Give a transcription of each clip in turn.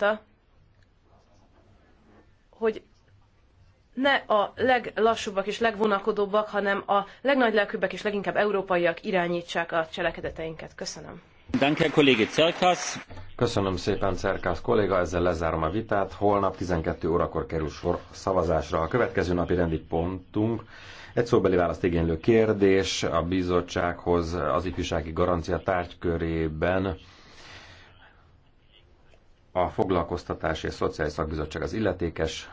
mondta, hogy ne a leglassúbbak és legvonakodóbbak, hanem a legnagylelkűbbek és leginkább európaiak irányítsák a cselekedeteinket. Köszönöm. Danke, kollégi Cerkasz. Köszönöm szépen, Cerkász kolléga, ezzel lezárom a vitát. Holnap 12 órakor kerül sor szavazásra. A következő napi rendi pontunk egy szóbeli választ igénylő kérdés a bizottsághoz az ifjúsági garancia tárgykörében a Foglalkoztatási és Szociális Szakbizottság az illetékes.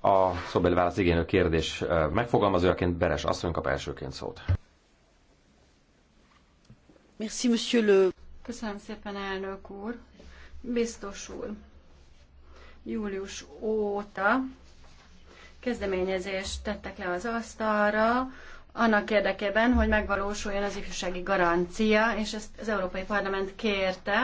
A szobeli válasz igénylő kérdés megfogalmazójaként Beres asszony kap elsőként szót. Merci, monsieur le... Köszönöm szépen, elnök úr. Biztos úr, július óta kezdeményezést tettek le az asztalra, annak érdekében, hogy megvalósuljon az ifjúsági garancia, és ezt az Európai Parlament kérte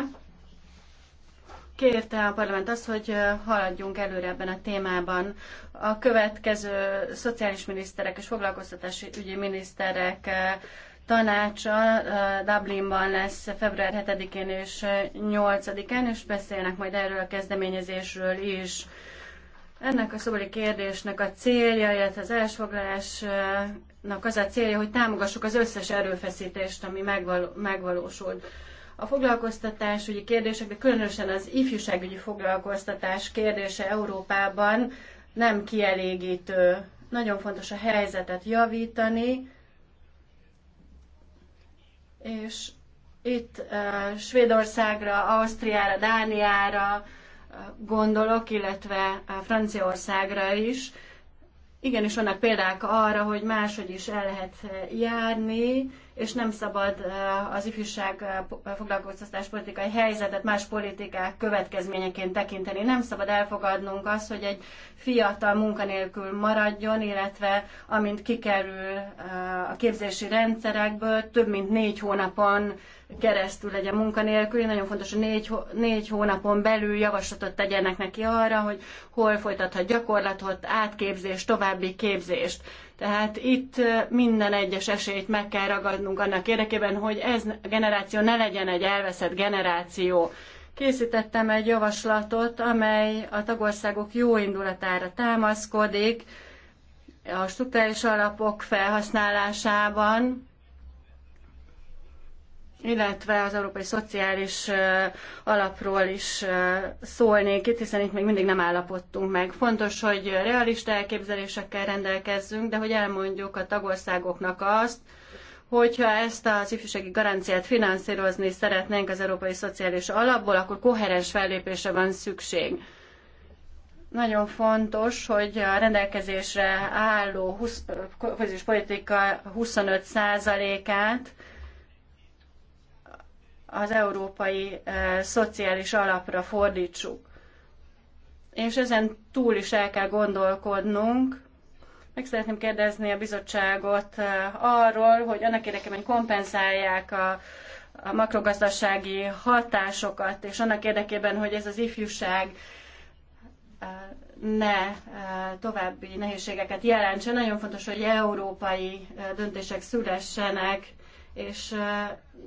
kérte a parlament azt, hogy haladjunk előre ebben a témában. A következő szociális miniszterek és foglalkoztatási ügyi miniszterek tanácsa Dublinban lesz február 7-én és 8-án, és beszélnek majd erről a kezdeményezésről is. Ennek a szobori kérdésnek a célja, illetve az elsfoglalásnak az a célja, hogy támogassuk az összes erőfeszítést, ami megvalósult. A foglalkoztatás, foglalkoztatásügyi kérdések, de különösen az ifjúságügyi foglalkoztatás kérdése Európában nem kielégítő. Nagyon fontos a helyzetet javítani, és itt uh, Svédországra, Ausztriára, Dániára gondolok, illetve Franciaországra is. Igenis vannak példák arra, hogy máshogy is el lehet járni, és nem szabad eh, az ifjúság eh, eh, foglalkoztatás politikai helyzetet más politikák következményeként tekinteni. Nem szabad elfogadnunk azt, hogy egy fiatal munkanélkül maradjon, illetve amint kikerül a képzési rendszerekből, több mint négy hónapon keresztül legyen munkanélkül, Nagyon fontos, hogy négy, négy hónapon belül javaslatot tegyenek neki arra, hogy hol folytathat gyakorlatot, átképzést, további képzést tehát itt minden egyes esélyt meg kell ragadnunk annak érdekében, hogy ez a generáció ne legyen egy elveszett generáció. Készítettem egy javaslatot, amely a tagországok jó indulatára támaszkodik a struktúrális alapok felhasználásában, illetve az Európai Szociális Alapról is szólnék itt, hiszen itt még mindig nem állapodtunk meg. Fontos, hogy realista elképzelésekkel rendelkezzünk, de hogy elmondjuk a tagországoknak azt, hogyha ezt az ifjúsági garanciát finanszírozni szeretnénk az Európai Szociális Alapból, akkor koherens fellépésre van szükség. Nagyon fontos, hogy a rendelkezésre álló 20, politika 25%-át az európai szociális alapra fordítsuk. És ezen túl is el kell gondolkodnunk. Meg szeretném kérdezni a bizottságot arról, hogy annak érdekében kompenzálják a, a makrogazdasági hatásokat, és annak érdekében, hogy ez az ifjúság ne további nehézségeket jelentsen. Nagyon fontos, hogy európai döntések szülessenek, és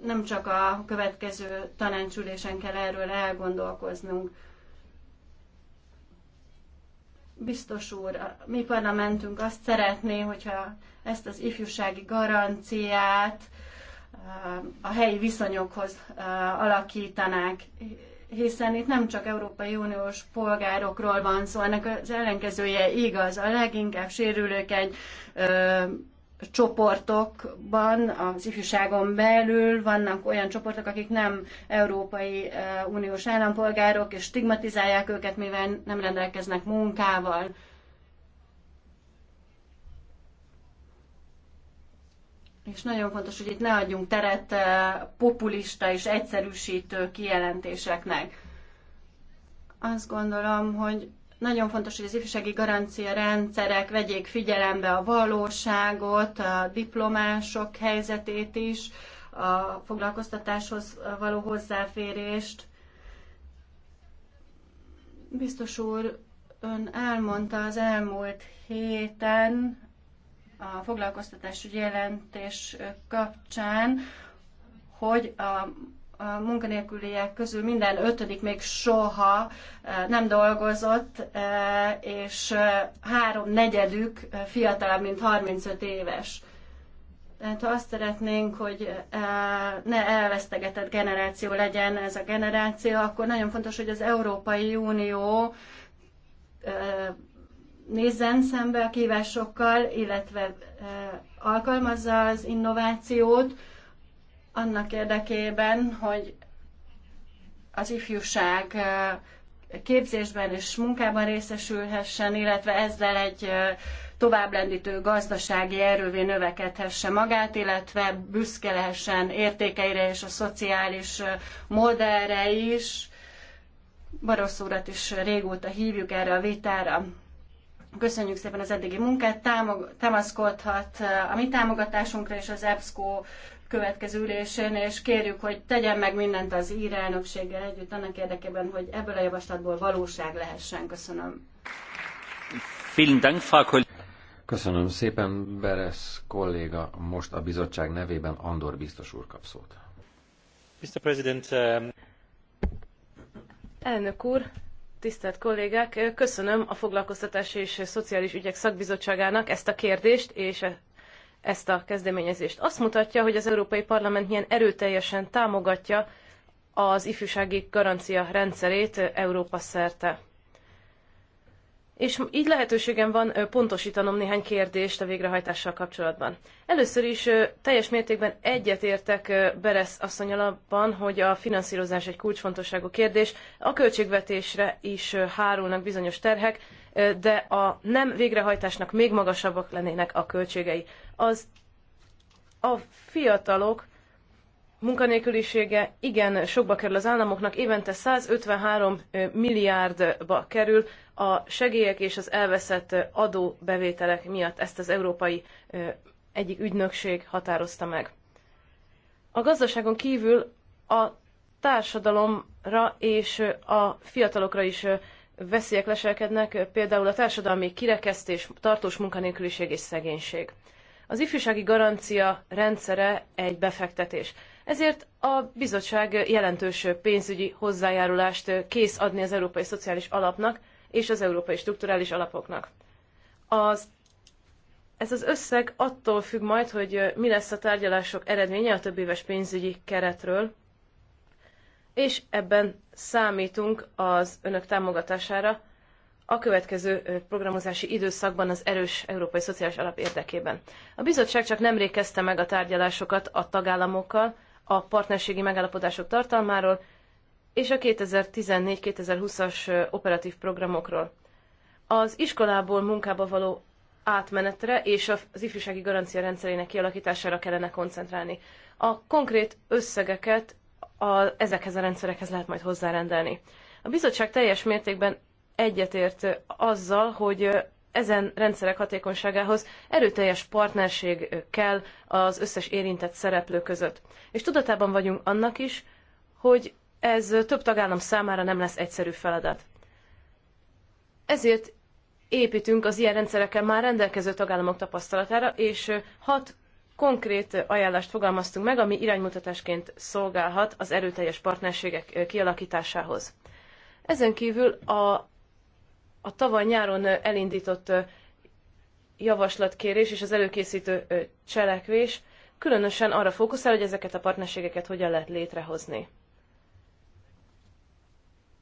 nem csak a következő tanácsülésen kell erről elgondolkoznunk. Biztos úr, a mi parlamentünk azt szeretné, hogyha ezt az ifjúsági garanciát a helyi viszonyokhoz alakítanák, hiszen itt nem csak Európai Uniós polgárokról van szó, ennek az ellenkezője igaz, a leginkább egy csoportokban, az ifjúságon belül vannak olyan csoportok, akik nem Európai eh, Uniós állampolgárok, és stigmatizálják őket, mivel nem rendelkeznek munkával. És nagyon fontos, hogy itt ne adjunk teret eh, populista és egyszerűsítő kijelentéseknek. Azt gondolom, hogy nagyon fontos, hogy az ifjúsági garancia rendszerek vegyék figyelembe a valóságot, a diplomások helyzetét is, a foglalkoztatáshoz való hozzáférést. Biztos úr, ön elmondta az elmúlt héten a foglalkoztatási jelentés kapcsán, hogy a munkanélküliek közül minden ötödik még soha eh, nem dolgozott, eh, és eh, három negyedük fiatalabb, mint 35 éves. Tehát ha azt szeretnénk, hogy ne elvesztegetett generáció legyen ez a generáció, akkor nagyon fontos, hogy az Európai Unió nézzen szembe a kívásokkal, illetve alkalmazza az innovációt, annak érdekében, hogy az ifjúság képzésben és munkában részesülhessen, illetve ezzel egy továbblendítő gazdasági erővé növekedhesse magát, illetve büszke lehessen értékeire és a szociális modellre is. Barosz urat is régóta hívjuk erre a vitára. Köszönjük szépen az eddigi munkát, támaszkodhat a mi támogatásunkra és az EBSCO következő ülésén, és kérjük, hogy tegyen meg mindent az ír elnökséggel együtt annak érdekében, hogy ebből a javaslatból valóság lehessen. Köszönöm. Köszönöm szépen, Beres kolléga. Most a bizottság nevében Andor biztos úr kap szót. Mr. President, um... Elnök úr, tisztelt kollégák, köszönöm a Foglalkoztatási és Szociális Ügyek Szakbizottságának ezt a kérdést és ezt a kezdeményezést. Azt mutatja, hogy az Európai Parlament milyen erőteljesen támogatja az ifjúsági garancia rendszerét Európa szerte és így lehetőségem van pontosítanom néhány kérdést a végrehajtással kapcsolatban. Először is teljes mértékben egyetértek Beresz asszonyal abban, hogy a finanszírozás egy kulcsfontosságú kérdés, a költségvetésre is hárulnak bizonyos terhek, de a nem végrehajtásnak még magasabbak lennének a költségei. Az a fiatalok munkanélkülisége igen sokba kerül az államoknak, évente 153 milliárdba kerül a segélyek és az elveszett adóbevételek miatt ezt az európai egyik ügynökség határozta meg. A gazdaságon kívül a társadalomra és a fiatalokra is veszélyek leselkednek, például a társadalmi kirekesztés, tartós munkanélküliség és szegénység. Az ifjúsági garancia rendszere egy befektetés. Ezért a bizottság jelentős pénzügyi hozzájárulást kész adni az Európai Szociális Alapnak és az Európai Strukturális Alapoknak. Az, ez az összeg attól függ majd, hogy mi lesz a tárgyalások eredménye a többéves pénzügyi keretről, és ebben számítunk az önök támogatására a következő programozási időszakban az erős Európai Szociális Alap érdekében. A bizottság csak nemrég kezdte meg a tárgyalásokat a tagállamokkal, a partnerségi megállapodások tartalmáról és a 2014-2020-as operatív programokról. Az iskolából munkába való átmenetre és az ifjúsági garancia rendszerének kialakítására kellene koncentrálni. A konkrét összegeket a, ezekhez a rendszerekhez lehet majd hozzárendelni. A bizottság teljes mértékben egyetért azzal, hogy ezen rendszerek hatékonyságához erőteljes partnerség kell az összes érintett szereplő között. És tudatában vagyunk annak is, hogy ez több tagállam számára nem lesz egyszerű feladat. Ezért építünk az ilyen rendszerekkel már rendelkező tagállamok tapasztalatára, és hat konkrét ajánlást fogalmaztunk meg, ami iránymutatásként szolgálhat az erőteljes partnerségek kialakításához. Ezen kívül a a tavaly nyáron elindított javaslatkérés és az előkészítő cselekvés különösen arra fókuszál, hogy ezeket a partnerségeket hogyan lehet létrehozni.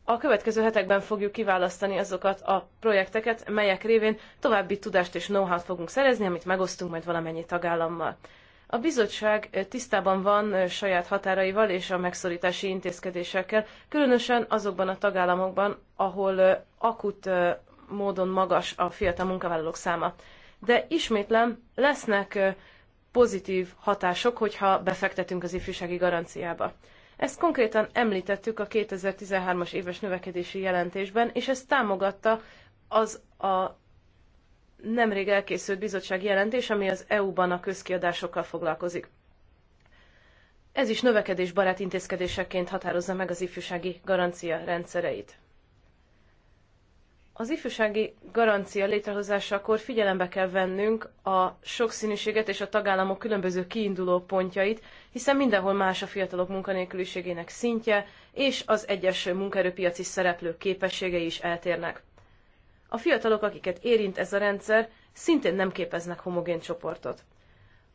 A következő hetekben fogjuk kiválasztani azokat a projekteket, melyek révén további tudást és know-how-t fogunk szerezni, amit megosztunk majd valamennyi tagállammal. A bizottság tisztában van saját határaival és a megszorítási intézkedésekkel, különösen azokban a tagállamokban, ahol akut módon magas a fiatal munkavállalók száma. De ismétlem, lesznek pozitív hatások, hogyha befektetünk az ifjúsági garanciába. Ezt konkrétan említettük a 2013-as éves növekedési jelentésben, és ez támogatta az a nemrég elkészült bizottság jelentés, ami az EU-ban a közkiadásokkal foglalkozik. Ez is növekedésbarát intézkedéseként határozza meg az ifjúsági garancia rendszereit. Az ifjúsági garancia létrehozásakor figyelembe kell vennünk a sokszínűséget és a tagállamok különböző kiinduló pontjait, hiszen mindenhol más a fiatalok munkanélküliségének szintje, és az egyes munkaerőpiaci szereplők képességei is eltérnek. A fiatalok, akiket érint ez a rendszer, szintén nem képeznek homogén csoportot.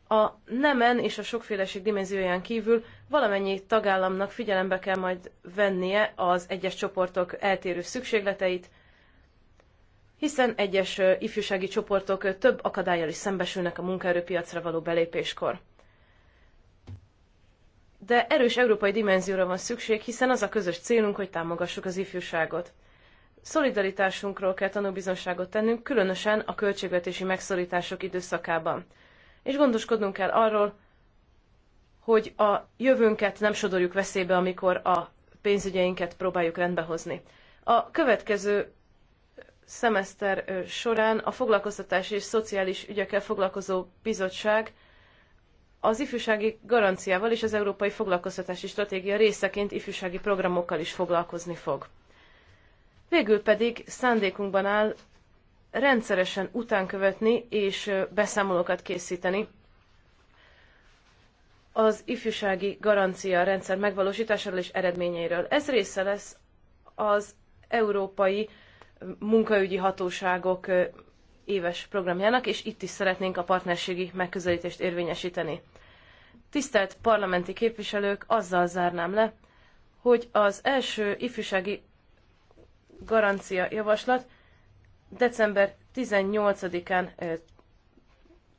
A nemen és a sokféleség dimenzióján kívül valamennyi tagállamnak figyelembe kell majd vennie az egyes csoportok eltérő szükségleteit, hiszen egyes ifjúsági csoportok több akadályjal is szembesülnek a munkaerőpiacra való belépéskor. De erős európai dimenzióra van szükség, hiszen az a közös célunk, hogy támogassuk az ifjúságot. Szolidaritásunkról kell tanúbizonságot tennünk, különösen a költségvetési megszorítások időszakában. És gondoskodnunk kell arról, hogy a jövőnket nem sodorjuk veszélybe, amikor a pénzügyeinket próbáljuk rendbehozni. A következő szemeszter során a Foglalkoztatás és Szociális Ügyekkel Foglalkozó Bizottság az ifjúsági garanciával és az Európai Foglalkoztatási Stratégia részeként ifjúsági programokkal is foglalkozni fog. Végül pedig szándékunkban áll rendszeresen utánkövetni és beszámolókat készíteni az ifjúsági garancia rendszer megvalósításáról és eredményeiről. Ez része lesz az európai munkaügyi hatóságok éves programjának, és itt is szeretnénk a partnerségi megközelítést érvényesíteni. Tisztelt parlamenti képviselők, azzal zárnám le, hogy az első ifjúsági garancia javaslat december 18-án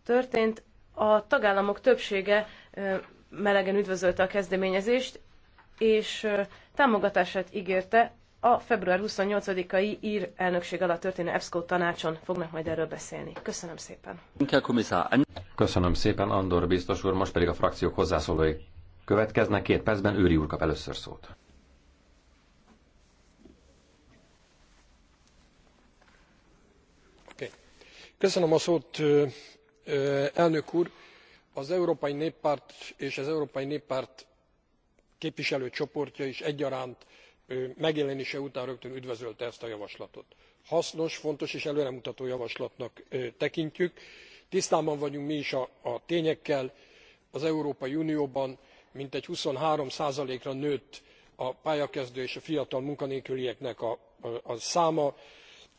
történt. A tagállamok többsége melegen üdvözölte a kezdeményezést, és támogatását ígérte a február 28-ai ír elnökség alatt történő EBSCO tanácson fognak majd erről beszélni. Köszönöm szépen. Köszönöm szépen, Andor biztos úr. Most pedig a frakciók hozzászólói következnek. Két percben Őri úr kap először szót. az európai néppárt és az európai néppárt képviselőcsoportja is egyaránt megjelenése után rögtön üdvözölte ezt a javaslatot. hasznos fontos és előremutató javaslatnak tekintjük. tisztában vagyunk mi is a tényekkel az európai unióban mintegy twenty three ra nőtt a pályakezdő és a fiatal munkanélkülieknek a száma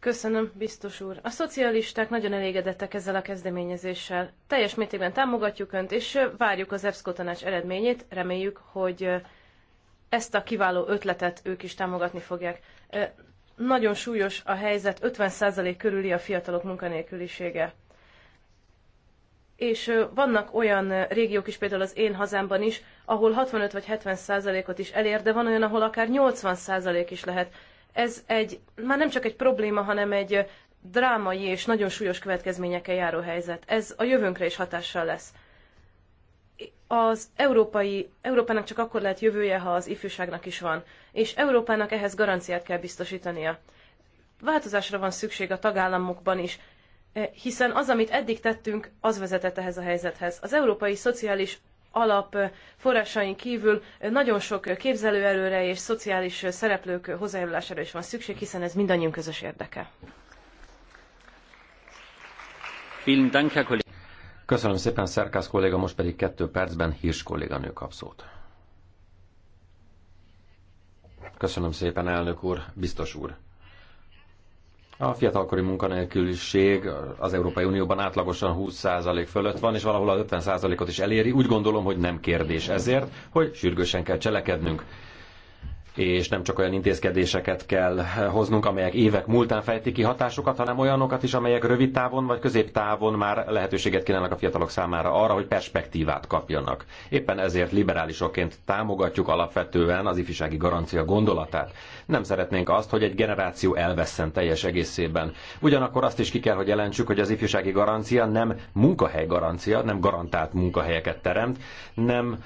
Köszönöm, biztos úr. A szocialisták nagyon elégedettek ezzel a kezdeményezéssel. Teljes mértékben támogatjuk Önt, és várjuk az epsco tanács eredményét. Reméljük, hogy ezt a kiváló ötletet ők is támogatni fogják. Nagyon súlyos a helyzet, 50% körüli a fiatalok munkanélkülisége és vannak olyan régiók is, például az én hazámban is, ahol 65 vagy 70 százalékot is elér, de van olyan, ahol akár 80 százalék is lehet. Ez egy, már nem csak egy probléma, hanem egy drámai és nagyon súlyos következményekkel járó helyzet. Ez a jövőnkre is hatással lesz. Az európai, Európának csak akkor lehet jövője, ha az ifjúságnak is van, és Európának ehhez garanciát kell biztosítania. Változásra van szükség a tagállamokban is, Eh, hiszen az, amit eddig tettünk, az vezetett ehhez a helyzethez. Az európai szociális alap eh, forrásain kívül eh, nagyon sok képzelőerőre és szociális szereplők hozzájárulására is van szükség, hiszen ez mindannyiunk közös érdeke. Köszönöm szépen, Szerkász kolléga, most pedig kettő percben Hírs kolléganő kap szót. Köszönöm szépen, elnök úr, biztos úr. A fiatalkori munkanélküliség az Európai Unióban átlagosan 20% fölött van, és valahol a 50%-ot is eléri. Úgy gondolom, hogy nem kérdés ezért, hogy sürgősen kell cselekednünk és nem csak olyan intézkedéseket kell hoznunk, amelyek évek múltán fejtik ki hatásukat, hanem olyanokat is, amelyek rövid távon vagy középtávon már lehetőséget kínálnak a fiatalok számára arra, hogy perspektívát kapjanak. Éppen ezért liberálisokként támogatjuk alapvetően az ifjúsági garancia gondolatát. Nem szeretnénk azt, hogy egy generáció elveszten teljes egészében. Ugyanakkor azt is ki kell, hogy jelentsük, hogy az ifjúsági garancia nem munkahely garancia, nem garantált munkahelyeket teremt, nem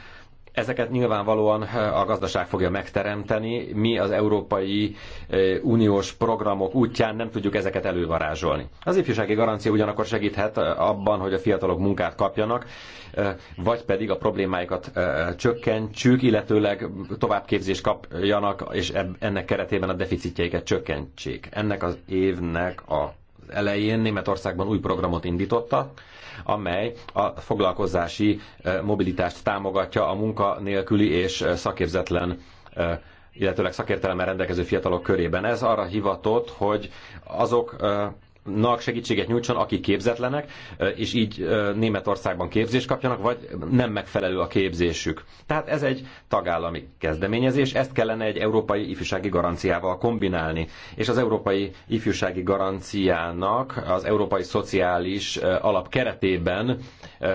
Ezeket nyilvánvalóan a gazdaság fogja megteremteni. Mi az Európai Uniós programok útján nem tudjuk ezeket elővarázsolni. Az ifjúsági garancia ugyanakkor segíthet abban, hogy a fiatalok munkát kapjanak, vagy pedig a problémáikat csökkentsük, illetőleg továbbképzést kapjanak, és ennek keretében a deficitjeiket csökkentsék. Ennek az évnek a elején Németországban új programot indítottak, amely a foglalkozási mobilitást támogatja a munkanélküli és szakképzetlen illetőleg szakértelemmel rendelkező fiatalok körében. Ez arra hivatott, hogy azok azoknak segítséget nyújtson, akik képzetlenek, és így Németországban képzést kapjanak, vagy nem megfelelő a képzésük. Tehát ez egy tagállami kezdeményezés, ezt kellene egy európai ifjúsági garanciával kombinálni. És az európai ifjúsági garanciának az európai szociális alap keretében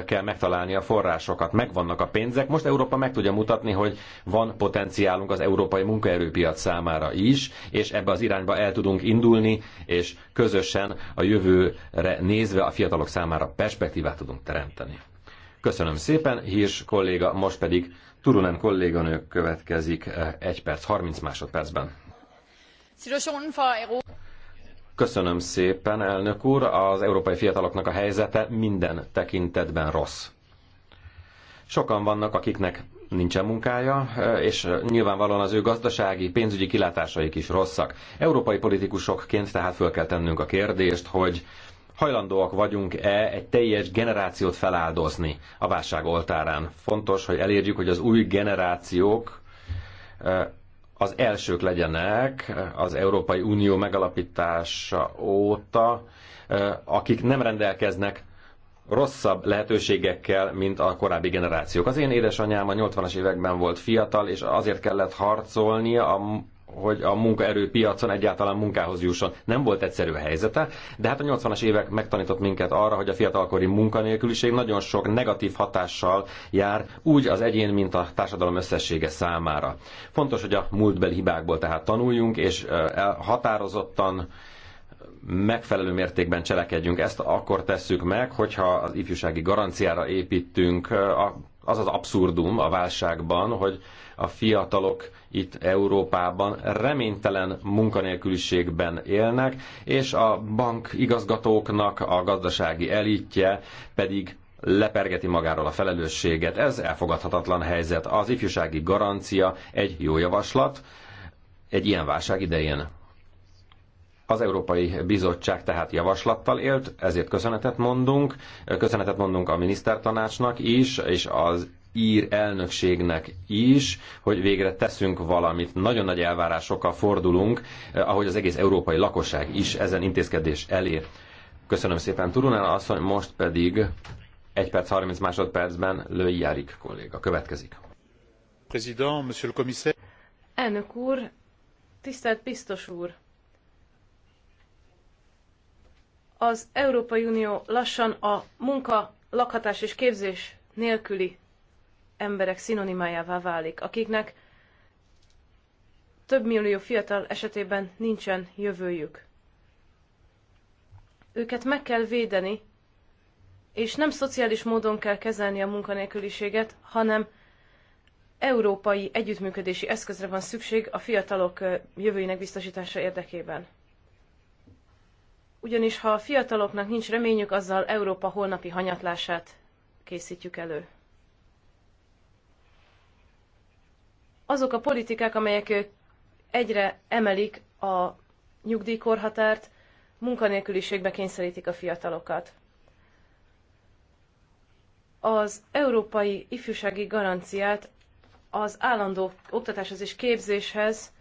kell megtalálni a forrásokat. Megvannak a pénzek, most Európa meg tudja mutatni, hogy van potenciálunk az európai munkaerőpiac számára is, és ebbe az irányba el tudunk indulni, és közösen a jövőre nézve a fiatalok számára perspektívát tudunk teremteni. Köszönöm szépen, Hírs kolléga, most pedig Turunen kolléganő következik 1 eh, perc 30 másodpercben. Köszönöm szépen, elnök úr. Az európai fiataloknak a helyzete minden tekintetben rossz. Sokan vannak, akiknek nincsen munkája, és nyilvánvalóan az ő gazdasági, pénzügyi kilátásaik is rosszak. Európai politikusokként tehát föl kell tennünk a kérdést, hogy hajlandóak vagyunk-e egy teljes generációt feláldozni a válság oltárán. Fontos, hogy elérjük, hogy az új generációk az elsők legyenek az Európai Unió megalapítása óta, akik nem rendelkeznek rosszabb lehetőségekkel, mint a korábbi generációk. Az én édesanyám a 80-as években volt fiatal, és azért kellett harcolnia a hogy a munkaerőpiacon egyáltalán munkához jusson. Nem volt egyszerű a helyzete, de hát a 80-as évek megtanított minket arra, hogy a fiatalkori munkanélküliség nagyon sok negatív hatással jár, úgy az egyén, mint a társadalom összessége számára. Fontos, hogy a múltbeli hibákból tehát tanuljunk, és határozottan megfelelő mértékben cselekedjünk. Ezt akkor tesszük meg, hogyha az ifjúsági garanciára építünk. Az az abszurdum a válságban, hogy a fiatalok itt Európában reménytelen munkanélküliségben élnek, és a bank igazgatóknak a gazdasági elitje pedig lepergeti magáról a felelősséget. Ez elfogadhatatlan helyzet. Az ifjúsági garancia egy jó javaslat egy ilyen válság idején. Az Európai Bizottság tehát javaslattal élt, ezért köszönetet mondunk. Köszönetet mondunk a minisztertanácsnak is, és az ír elnökségnek is, hogy végre teszünk valamit. Nagyon nagy elvárásokkal fordulunk, eh, ahogy az egész európai lakosság is ezen intézkedés elé. Köszönöm szépen Turunán asszony, most pedig 1 perc 30 másodpercben Lői Járik kolléga következik. Elnök úr, tisztelt biztos úr! az Európai Unió lassan a munka, lakhatás és képzés nélküli emberek szinonimájává válik, akiknek több millió fiatal esetében nincsen jövőjük. Őket meg kell védeni, és nem szociális módon kell kezelni a munkanélküliséget, hanem európai együttműködési eszközre van szükség a fiatalok jövőjének biztosítása érdekében ugyanis ha a fiataloknak nincs reményük, azzal Európa holnapi hanyatlását készítjük elő. Azok a politikák, amelyek egyre emelik a nyugdíjkorhatárt, munkanélküliségbe kényszerítik a fiatalokat. Az európai ifjúsági garanciát az állandó oktatáshoz és képzéshez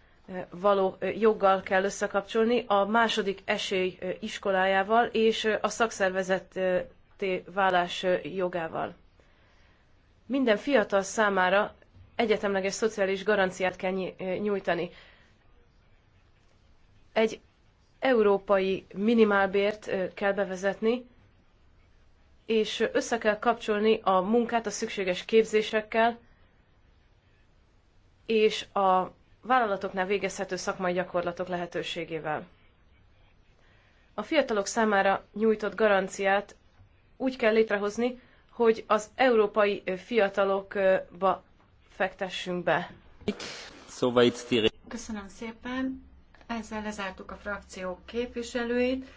való joggal kell összekapcsolni, a második esély iskolájával és a szakszervezetté válás jogával. Minden fiatal számára egyetemleges szociális garanciát kell nyújtani. Egy európai minimálbért kell bevezetni, és össze kell kapcsolni a munkát a szükséges képzésekkel, és a vállalatoknál végezhető szakmai gyakorlatok lehetőségével. A fiatalok számára nyújtott garanciát úgy kell létrehozni, hogy az európai fiatalokba fektessünk be. Szóval Köszönöm szépen. Ezzel lezártuk a frakciók képviselőit.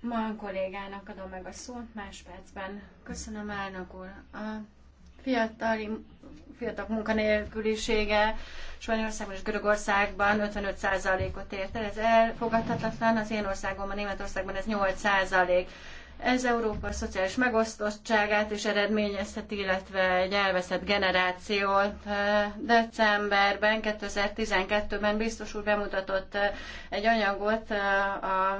Ma a kollégának adom meg a szót más percben. Köszönöm, elnök úr. A fiatali, fiatal munkanélkülisége Spanyolországban és Görögországban 55%-ot ért el. Ez elfogadhatatlan, az én országomban, Németországban ez 8%. Ez Európa szociális megosztottságát is eredményezheti, illetve egy elveszett generációt. Decemberben, 2012-ben biztos úr bemutatott egy anyagot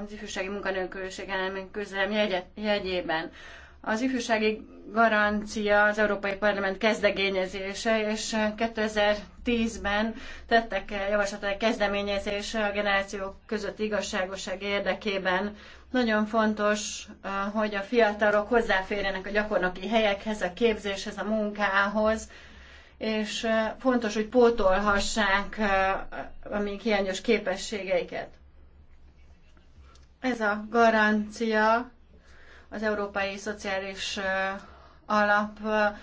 az ifjúsági munkanélküliség elemény küzdelem jegyében. Az ifjúsági garancia az Európai Parlament kezdeményezése, és 2010-ben tettek javaslatot egy kezdeményezésre a generációk közötti igazságosság érdekében. Nagyon fontos, hogy a fiatalok hozzáférjenek a gyakornoki helyekhez, a képzéshez, a munkához, és fontos, hogy pótolhassák a még hiányos képességeiket. Ez a garancia az Európai Szociális Alapból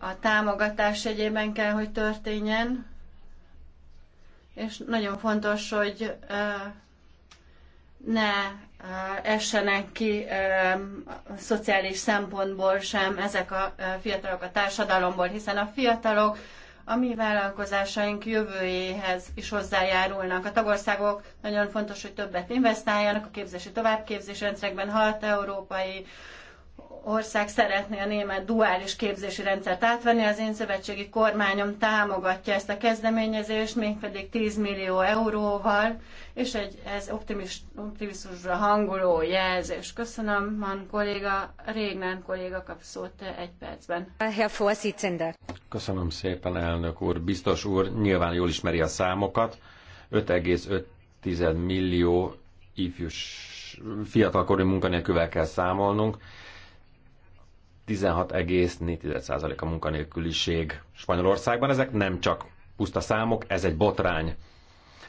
a támogatás egyében kell, hogy történjen, és nagyon fontos, hogy ne essenek ki szociális szempontból sem ezek a fiatalok a társadalomból, hiszen a fiatalok a mi vállalkozásaink jövőjéhez is hozzájárulnak. A tagországok nagyon fontos, hogy többet investáljanak a képzési továbbképzés rendszerekben, hat európai ország szeretné a német duális képzési rendszert átvenni. Az én szövetségi kormányom támogatja ezt a kezdeményezést, mégpedig 10 millió euróval, és egy, ez optimist, optimizmusra hanguló jelzés. Köszönöm, man kolléga, régen, kolléga kap szót egy percben. Köszönöm szépen, elnök úr. Biztos úr, nyilván jól ismeri a számokat. 5,5 millió ifjús fiatalkorú munkanélküvel kell számolnunk 16,4% a munkanélküliség Spanyolországban. Ezek nem csak puszta számok, ez egy botrány.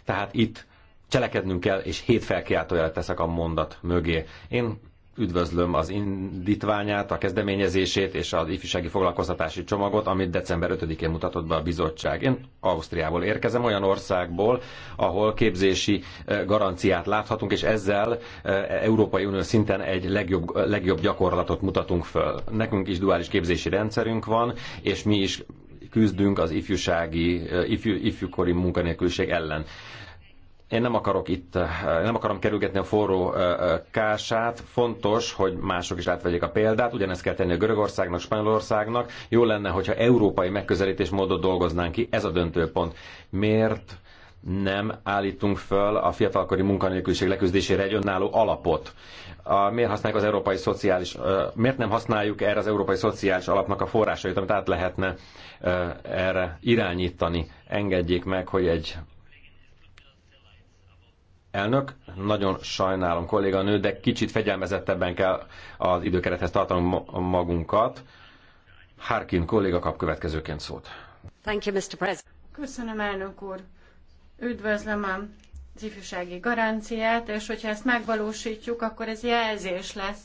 Tehát itt cselekednünk kell, és hét felkiáltójelet teszek a mondat mögé. Én üdvözlöm az indítványát, a kezdeményezését és az ifjúsági foglalkoztatási csomagot, amit december 5-én mutatott be a bizottság. Én Ausztriából érkezem, olyan országból, ahol képzési eh, garanciát láthatunk, és ezzel eh, Európai Unió szinten egy legjobb, legjobb gyakorlatot mutatunk föl. Nekünk is duális képzési rendszerünk van, és mi is küzdünk az ifjúsági, eh, ifjú, ifjúkori munkanélküliség ellen én nem akarok itt, eh, nem akarom kerülgetni a forró eh, eh, kását. Fontos, hogy mások is átvegyék a példát. Ugyanezt kell tenni a Görögországnak, Spanyolországnak. Jó lenne, hogyha európai megközelítésmódot dolgoznánk ki. Ez a döntőpont. Miért nem állítunk föl a fiatalkori munkanélküliség leküzdésére egy önálló alapot? A, miért használjuk az európai szociális, miért nem használjuk erre az európai szociális alapnak a forrásait, amit át lehetne erre irányítani? Engedjék meg, hogy egy Elnök, nagyon sajnálom kolléganő, de kicsit fegyelmezettebben kell az időkerethez tartanunk magunkat. Harkin kolléga kap következőként szót. Thank you, Mr. President. Köszönöm, elnök úr. Üdvözlöm a ifjúsági garanciát, és hogyha ezt megvalósítjuk, akkor ez jelzés lesz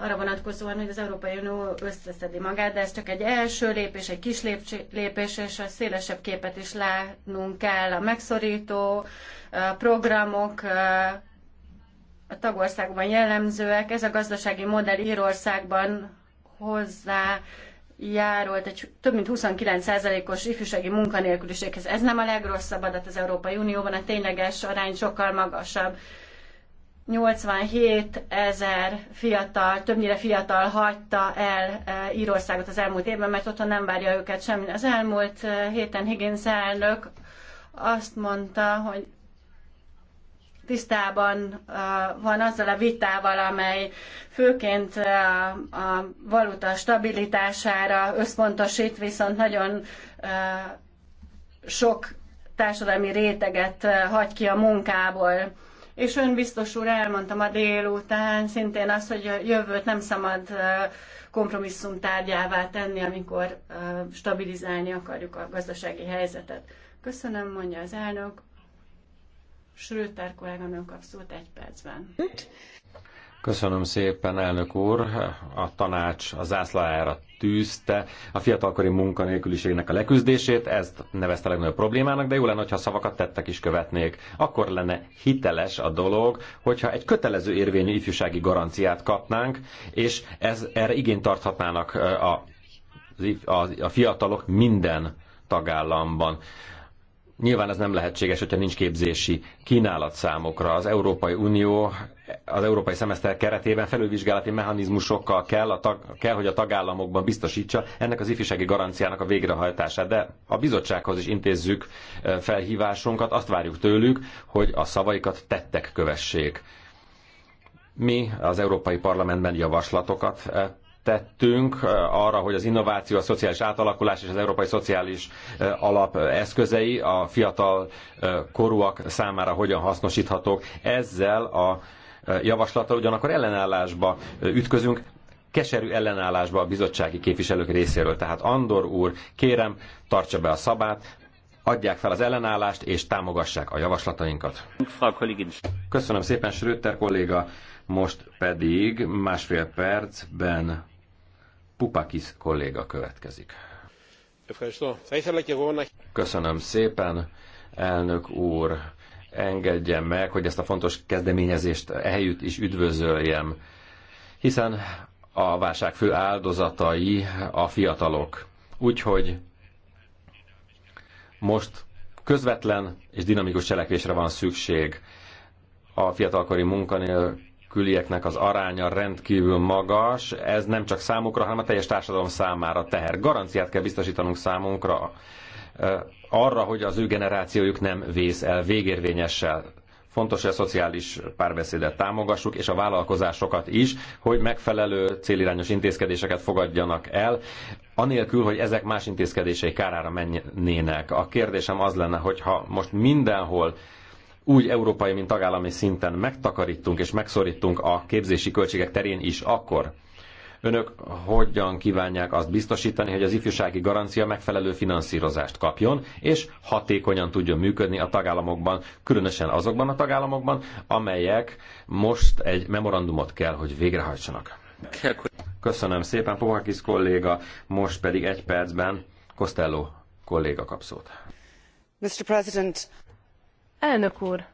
arra vonatkozóan, hogy az Európai Unió összeszedi magát, de ez csak egy első lépés, egy kis lépés, és a szélesebb képet is látnunk kell. A megszorító programok a tagországban jellemzőek. Ez a gazdasági modell Írországban hozzá járult egy több mint 29%-os ifjúsági munkanélküliséghez. Ez nem a legrosszabb adat az Európai Unióban, a tényleges arány sokkal magasabb. 87 ezer fiatal, többnyire fiatal hagyta el e, Írországot az elmúlt évben, mert otthon nem várja őket semmi. Az elmúlt e, héten Higgins elnök azt mondta, hogy tisztában e, van azzal a vitával, amely főként a valuta stabilitására összpontosít, viszont nagyon sok társadalmi réteget hagy ki a munkából és ön biztos úr elmondta ma délután szintén azt, hogy a jövőt nem szabad kompromisszum tárgyává tenni, amikor stabilizálni akarjuk a gazdasági helyzetet. Köszönöm, mondja az elnök. Schröter kolléganőn kap egy percben. Köszönöm szépen, elnök úr. A tanács a zászlajára tűzte a fiatalkori munkanélküliségnek a leküzdését, ezt nevezte a legnagyobb problémának, de jó lenne, hogyha szavakat tettek is követnék. Akkor lenne hiteles a dolog, hogyha egy kötelező érvényű ifjúsági garanciát kapnánk, és ez, erre igényt tarthatnának a, a, a fiatalok minden tagállamban. Nyilván ez nem lehetséges, hogyha nincs képzési kínálat számokra. Az Európai Unió az európai szemeszter keretében felülvizsgálati mechanizmusokkal kell, a tag, kell, hogy a tagállamokban biztosítsa ennek az ifjúsági garanciának a végrehajtását. De a bizottsághoz is intézzük felhívásunkat, azt várjuk tőlük, hogy a szavaikat tettek kövessék. Mi az Európai Parlamentben javaslatokat tettünk arra, hogy az innováció, a szociális átalakulás és az európai szociális alap eszközei a fiatal korúak számára hogyan hasznosíthatók. Ezzel a javaslata, ugyanakkor ellenállásba ütközünk, keserű ellenállásba a bizottsági képviselők részéről. Tehát Andor úr, kérem, tartsa be a szabát, adják fel az ellenállást, és támogassák a javaslatainkat. Köszönöm szépen, Schröter kolléga, most pedig másfél percben Pupakis kolléga következik. Köszönöm szépen, elnök úr engedjen meg, hogy ezt a fontos kezdeményezést ehelyütt is üdvözöljem. Hiszen a válság fő áldozatai a fiatalok. Úgyhogy most közvetlen és dinamikus cselekvésre van szükség. A fiatalkori munkanélkülieknek az aránya rendkívül magas, ez nem csak számukra, hanem a teljes társadalom számára teher. Garanciát kell biztosítanunk számunkra arra, hogy az ő generációjuk nem vész el végérvényessel. Fontos, hogy a szociális párbeszédet támogassuk, és a vállalkozásokat is, hogy megfelelő célirányos intézkedéseket fogadjanak el, anélkül, hogy ezek más intézkedései kárára mennének. A kérdésem az lenne, hogy ha most mindenhol úgy európai, mint tagállami szinten megtakarítunk és megszorítunk a képzési költségek terén is, akkor Önök hogyan kívánják azt biztosítani, hogy az ifjúsági garancia megfelelő finanszírozást kapjon, és hatékonyan tudjon működni a tagállamokban, különösen azokban a tagállamokban, amelyek most egy memorandumot kell, hogy végrehajtsanak. Köszönöm szépen, Pohakis kolléga, most pedig egy percben Costello kolléga kap szót. Mr. President. Elnök úr,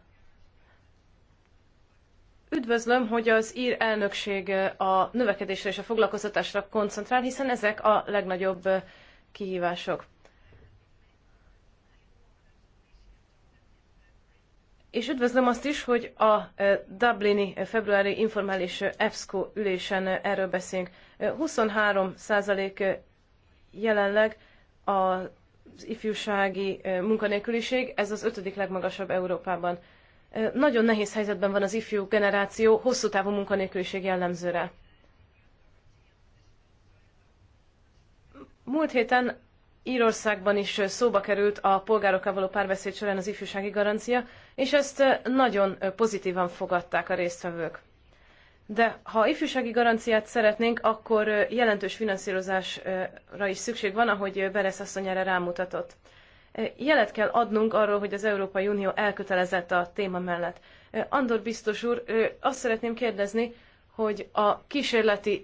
Üdvözlöm, hogy az ír elnökség eh, a növekedésre és a foglalkoztatásra koncentrál, hiszen ezek a legnagyobb eh, kihívások. És üdvözlöm azt is, hogy a eh, Dublini februári informális EFSCO ülésen erről beszélünk. 23 százalék jelenleg az ifjúsági munkanélküliség, ez az ötödik legmagasabb Európában. Nagyon nehéz helyzetben van az ifjú generáció hosszú távú munkanélküliség jellemzőre. Múlt héten Írországban is szóba került a polgárokkal való párbeszéd során az ifjúsági garancia, és ezt nagyon pozitívan fogadták a résztvevők. De ha ifjúsági garanciát szeretnénk, akkor jelentős finanszírozásra is szükség van, ahogy Beresz asszony erre rámutatott jelet kell adnunk arról, hogy az Európai Unió elkötelezett a téma mellett. Andor biztos úr, azt szeretném kérdezni, hogy a kísérleti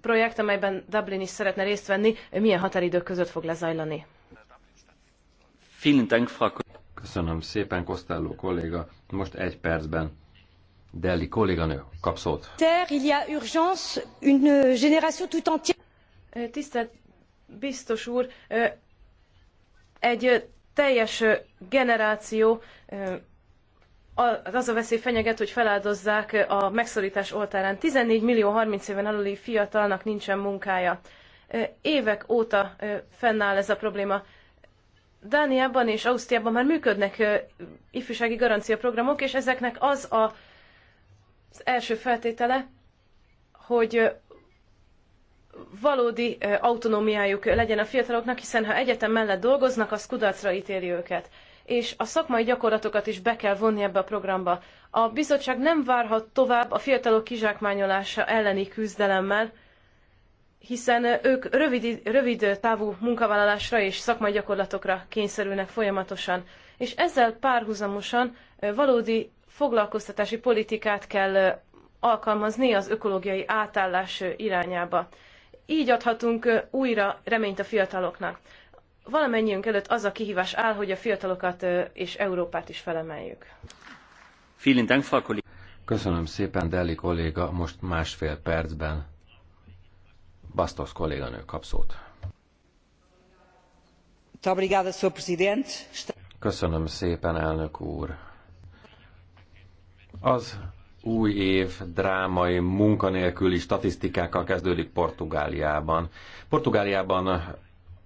projekt, amelyben Dublin is szeretne részt venni, milyen határidők között fog lezajlani? Köszönöm szépen, Kosztálló kolléga. Most egy percben. Deli kolléganő, kap szót. Tisztelt biztos úr, egy teljes generáció az a veszély fenyeget, hogy feláldozzák a megszorítás oltárán. 14 millió 30 éven aluli fiatalnak nincsen munkája. Évek óta fennáll ez a probléma. Dániában és Ausztriában már működnek ifjúsági garancia programok, és ezeknek az a, az első feltétele, hogy valódi autonómiájuk legyen a fiataloknak, hiszen ha egyetem mellett dolgoznak, az kudarcra ítéli őket. És a szakmai gyakorlatokat is be kell vonni ebbe a programba. A bizottság nem várhat tovább a fiatalok kizsákmányolása elleni küzdelemmel, hiszen ők rövid, rövid távú munkavállalásra és szakmai gyakorlatokra kényszerülnek folyamatosan. És ezzel párhuzamosan valódi foglalkoztatási politikát kell alkalmazni az ökológiai átállás irányába így adhatunk újra reményt a fiataloknak. Valamennyiünk előtt az a kihívás áll, hogy a fiatalokat és Európát is felemeljük. Köszönöm szépen, Deli kolléga, most másfél percben Bastos kolléganő kap szót. Köszönöm szépen, elnök úr. Az új év drámai munkanélküli statisztikákkal kezdődik Portugáliában. Portugáliában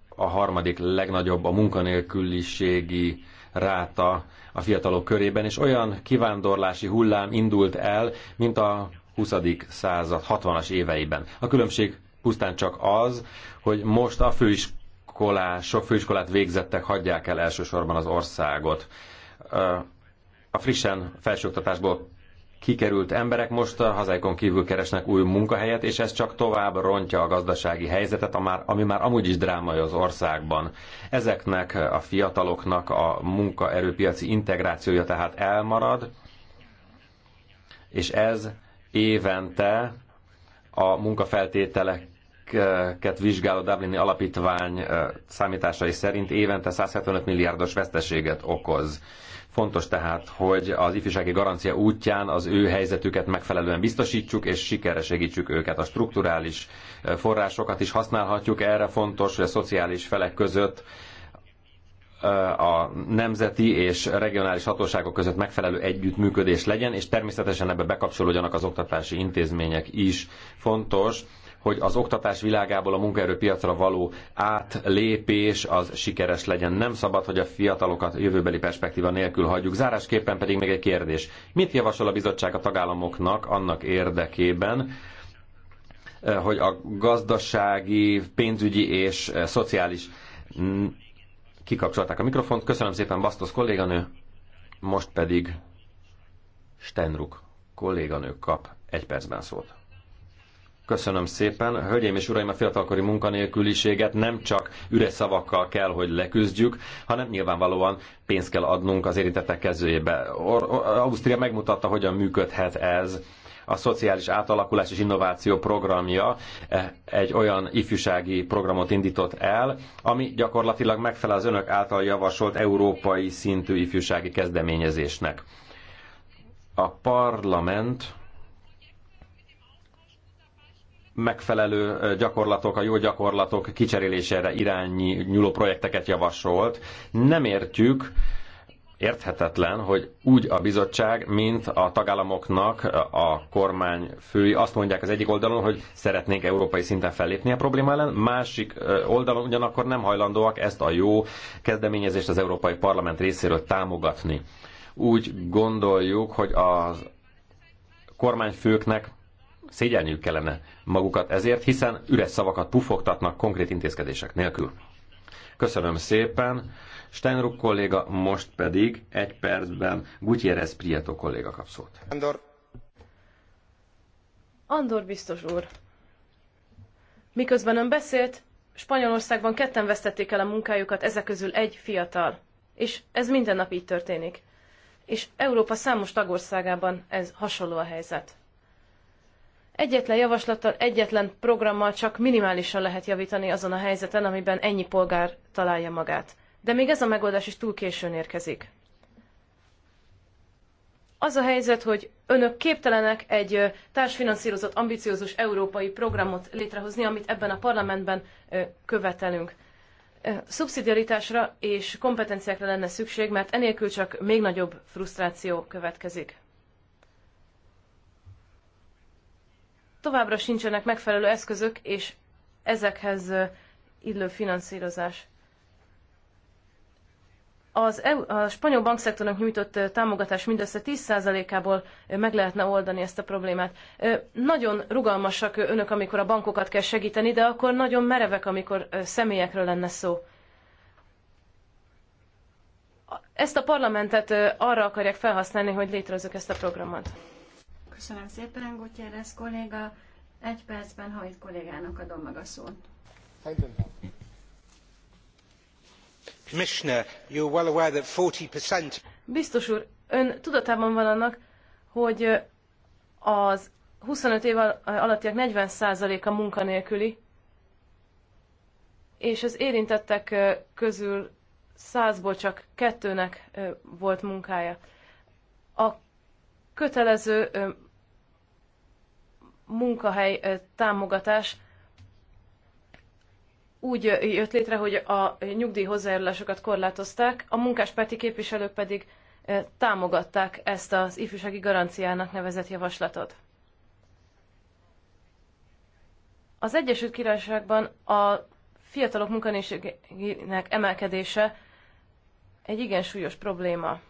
a harmadik legnagyobb a munkanélküliségi ráta a fiatalok körében, és olyan kivándorlási hullám indult el, mint a 20. század 60-as éveiben. A különbség pusztán csak az, hogy most a főiskolások, főiskolát végzettek hagyják el elsősorban az országot. A frissen felsőoktatásból kikerült emberek most a hazáikon kívül keresnek új munkahelyet, és ez csak tovább rontja a gazdasági helyzetet, ami már amúgy is drámai az országban. Ezeknek a fiataloknak a munkaerőpiaci integrációja tehát elmarad, és ez évente a munkafeltételek cégeket vizsgáló Dublini Alapítvány számításai szerint évente 175 milliárdos veszteséget okoz. Fontos tehát, hogy az ifjúsági garancia útján az ő helyzetüket megfelelően biztosítsuk, és sikerre segítsük őket. A strukturális forrásokat is használhatjuk. Erre fontos, hogy a szociális felek között a nemzeti és regionális hatóságok között megfelelő együttműködés legyen, és természetesen ebbe bekapcsolódjanak az oktatási intézmények is. Fontos, hogy az oktatás világából a munkaerőpiacra való átlépés az sikeres legyen. Nem szabad, hogy a fiatalokat jövőbeli perspektíva nélkül hagyjuk. Zárásképpen pedig még egy kérdés. Mit javasol a bizottság a tagállamoknak annak érdekében, eh, hogy a gazdasági, pénzügyi és eh, szociális mm, kikapcsolták a mikrofont. Köszönöm szépen, Basztos kolléganő. Most pedig Stenruk kolléganő kap egy percben szót. Köszönöm szépen. Hölgyeim és uraim, a fiatalkori munkanélküliséget nem csak üres szavakkal kell, hogy leküzdjük, hanem nyilvánvalóan pénzt kell adnunk az érintettek kezébe. Ausztria megmutatta, hogyan működhet ez a Szociális Átalakulás és Innováció programja eh, egy olyan ifjúsági programot indított el, ami gyakorlatilag megfelel az önök által javasolt európai szintű ifjúsági kezdeményezésnek. A parlament megfelelő gyakorlatok, a jó gyakorlatok kicserélésére irányi nyúló projekteket javasolt. Nem értjük, érthetetlen, hogy úgy a bizottság, mint a tagállamoknak a kormány fői, azt mondják az egyik oldalon, hogy szeretnénk európai szinten fellépni a probléma ellen, másik oldalon ugyanakkor nem hajlandóak ezt a jó kezdeményezést az Európai Parlament részéről támogatni. Úgy gondoljuk, hogy a kormányfőknek szégyelniük kellene magukat ezért, hiszen üres szavakat pufogtatnak konkrét intézkedések nélkül. Köszönöm szépen. Steinruck kolléga, most pedig egy percben Gutierrez Prieto kolléga kap szót. Andor. Andor biztos úr. Miközben ön beszélt, Spanyolországban ketten vesztették el a munkájukat, ezek közül egy fiatal. És ez minden nap így történik. És Európa számos tagországában ez hasonló a helyzet. Egyetlen javaslattal, egyetlen programmal csak minimálisan lehet javítani azon a helyzeten, amiben ennyi polgár találja magát. De még ez a megoldás is túl későn érkezik. Az a helyzet, hogy önök képtelenek egy társfinanszírozott, ambiciózus európai programot létrehozni, amit ebben a parlamentben követelünk. Szubszidiaritásra és kompetenciákra lenne szükség, mert enélkül csak még nagyobb frusztráció következik. továbbra sincsenek megfelelő eszközök, és ezekhez illő finanszírozás. Az EU, a spanyol bankszektornak nyújtott támogatás mindössze 10%-ából meg lehetne oldani ezt a problémát. Nagyon rugalmasak önök, amikor a bankokat kell segíteni, de akkor nagyon merevek, amikor személyekről lenne szó ezt a parlamentet arra akarják felhasználni, hogy létrehozzuk ezt a programot. Köszönöm szépen, Gutiérrez kolléga. Egy percben Hajt kollégának adom meg a szót. Commissioner, you're well aware that 40%... Biztos úr, ön tudatában van annak, hogy az 25 év alattiak 40%-a munkanélküli, és az érintettek közül százból csak kettőnek volt munkája. A kötelező munkahely támogatás úgy jött létre, hogy a nyugdíj hozzájárulásokat korlátozták, a munkáspárti képviselők pedig támogatták ezt az ifjúsági garanciának nevezett javaslatot. Az Egyesült Királyságban a fiatalok munkanélségének emelkedése egy igen súlyos probléma.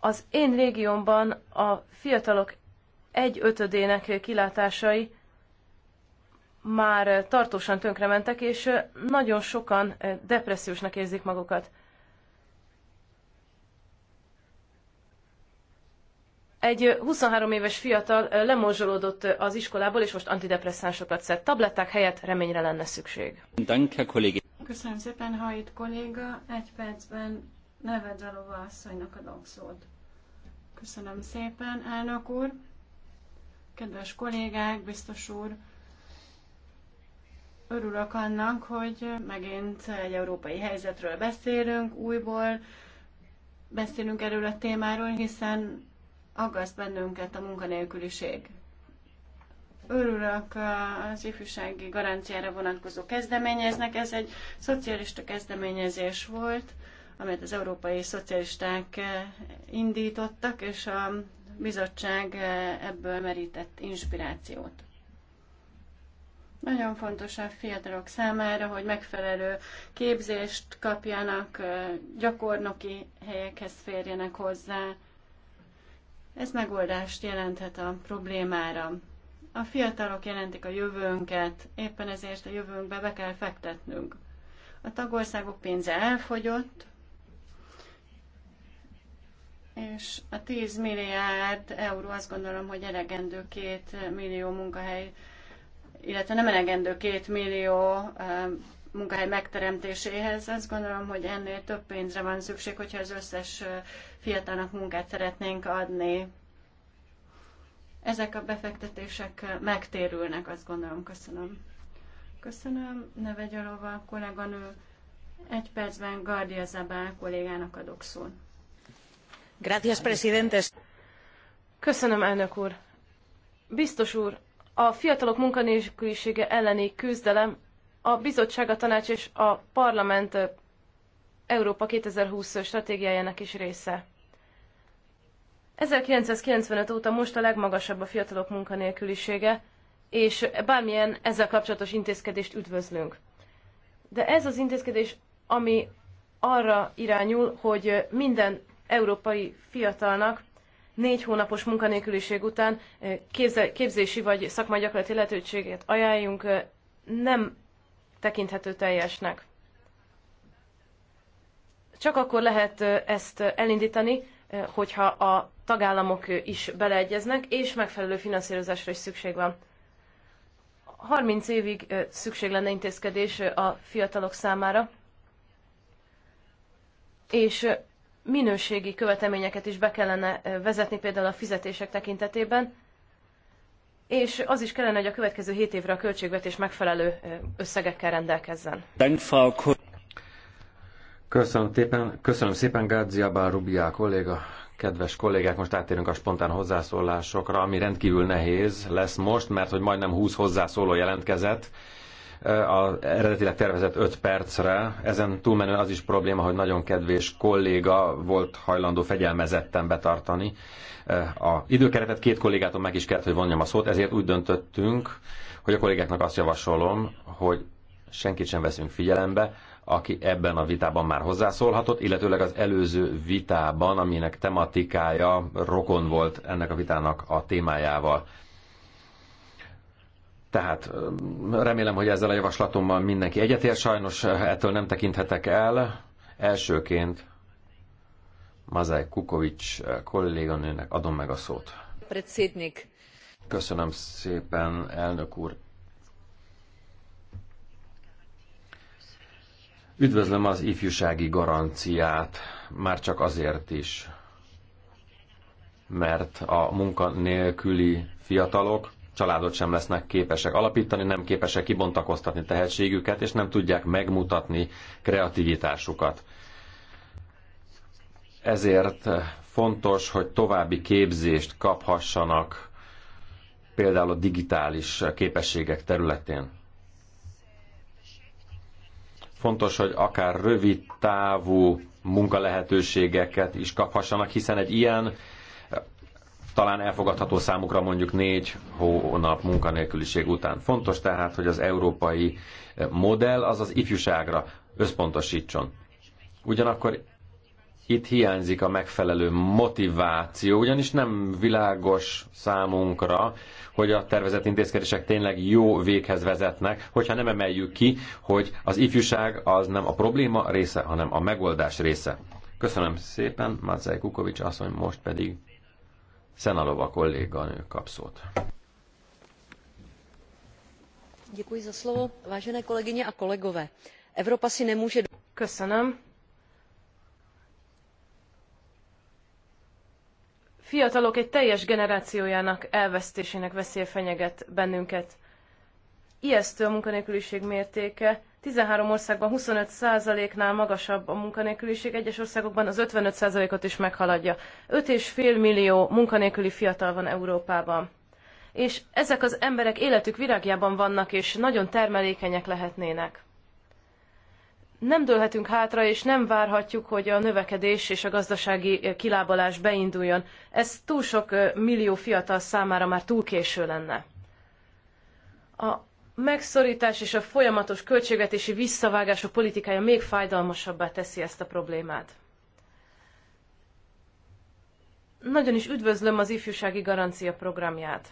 Az én régiómban a fiatalok egy ötödének kilátásai már tartósan tönkrementek, és nagyon sokan depressziósnak érzik magukat. Egy 23 éves fiatal lemorzsolódott az iskolából, és most antidepresszánsokat szed. Tabletták helyett reményre lenne szükség. Köszönöm szépen, Hajt kolléga. Egy percben Nevedzelova asszonynak adok szót. Köszönöm szépen, elnök úr. Kedves kollégák, biztos úr, örülök annak, hogy megint egy európai helyzetről beszélünk, újból beszélünk erről a témáról, hiszen aggaszt bennünket a munkanélküliség. Örülök eh, az ifjúsági garanciára vonatkozó kezdeményeznek. Ez egy szocialista kezdeményezés volt, amelyet az európai szocialisták eh, indítottak, és a bizottság eh, ebből merített inspirációt. Nagyon fontos a fiatalok számára, hogy megfelelő képzést kapjanak, eh, gyakornoki helyekhez férjenek hozzá. Ez megoldást jelenthet a problémára. A fiatalok jelentik a jövőnket, éppen ezért a jövőnkbe be kell fektetnünk. A tagországok pénze elfogyott, és a 10 milliárd euró azt gondolom, hogy elegendő két millió munkahely, illetve nem elegendő két millió munkahely megteremtéséhez. Azt gondolom, hogy ennél több pénzre van szükség, hogyha az összes fiatalnak munkát szeretnénk adni. Ezek a befektetések megtérülnek, azt gondolom. Köszönöm. Köszönöm, Neve Gyalova kolléganő. Egy percben Gardia Zabál kollégának adok szót. Köszönöm, elnök úr. Biztos úr, a fiatalok munkanélkülisége elleni küzdelem a bizottság, a tanács és a parlament Európa 2020 stratégiájának is része. five óta most a legmagasabb a fiatalok munkanélkülisége, és bármilyen ezzel kapcsolatos intézkedést üdvözlünk. De ez az intézkedés, ami arra irányul, hogy minden európai fiatalnak négy hónapos munkanélküliség után képzési vagy szakmai gyakorlati lehetőséget ajánljunk, nem tekinthető teljesnek. Csak akkor lehet ezt elindítani, hogyha a tagállamok is beleegyeznek, és megfelelő finanszírozásra is szükség van. 30 évig szükség lenne intézkedés a fiatalok számára, és minőségi követelményeket is be kellene vezetni, például a fizetések tekintetében, és az is kellene, hogy a következő 7 évre a költségvetés megfelelő összegekkel rendelkezzen. Köszönöm, tépen, köszönöm szépen, Gázia Bárubiá kolléga. Kedves kollégák, most áttérünk a spontán hozzászólásokra, ami rendkívül nehéz lesz most, mert hogy majdnem 20 hozzászóló jelentkezett az eredetileg tervezett 5 percre. Ezen túlmenő az is probléma, hogy nagyon kedvés kolléga volt hajlandó fegyelmezetten betartani. Eh, a időkeretet két kollégától meg is kellett, hogy vonjam a szót, ezért úgy döntöttünk, hogy a kollégáknak azt javasolom, hogy senkit sem veszünk figyelembe, aki ebben a vitában már hozzászólhatott, illetőleg az előző vitában, aminek tematikája rokon volt ennek a vitának a témájával. Tehát remélem, hogy ezzel a javaslatommal mindenki egyetért. Sajnos ettől nem tekinthetek el. Elsőként Mazaj Kukovics kolléganőnek adom meg a szót. Predsednik. Köszönöm szépen, elnök úr. Üdvözlöm az ifjúsági garanciát, már csak azért is, mert a munkanélküli fiatalok családot sem lesznek képesek alapítani, nem képesek kibontakoztatni tehetségüket, és nem tudják megmutatni kreativitásukat. Ezért fontos, hogy további képzést kaphassanak például a digitális képességek területén. Fontos, hogy akár rövid távú munkalehetőségeket is kaphassanak, hiszen egy ilyen talán elfogadható számukra mondjuk négy hónap munkanélküliség után. Fontos tehát, hogy az európai modell az az ifjúságra összpontosítson. Ugyanakkor itt hiányzik a megfelelő motiváció, ugyanis nem világos számunkra, hogy a tervezett intézkedések tényleg jó véghez vezetnek, hogyha nem emeljük ki, hogy az ifjúság az nem a probléma része, hanem a megoldás része. Köszönöm szépen, Mácej Kukovics asszony, most pedig Szenalova kolléganő kap szót. Děkuji za slovo. Vážené kolegyně a kolegové, Evropa si nemůže... Köszönöm. Fiatalok egy teljes generációjának elvesztésének veszélye fenyeget bennünket. Ijesztő a munkanélküliség mértéke, 13 országban 25%-nál magasabb a munkanélküliség, egyes országokban az 55%-ot is meghaladja. 5,5 millió munkanélküli fiatal van Európában. És ezek az emberek életük virágjában vannak, és nagyon termelékenyek lehetnének. Nem dőlhetünk hátra, és nem várhatjuk, hogy a növekedés és a gazdasági eh, kilábalás beinduljon. Ez túl sok eh, millió fiatal számára már túl késő lenne. A megszorítás és a folyamatos költségvetési visszavágások politikája még fájdalmasabbá teszi ezt a problémát. Nagyon is üdvözlöm az ifjúsági garancia programját.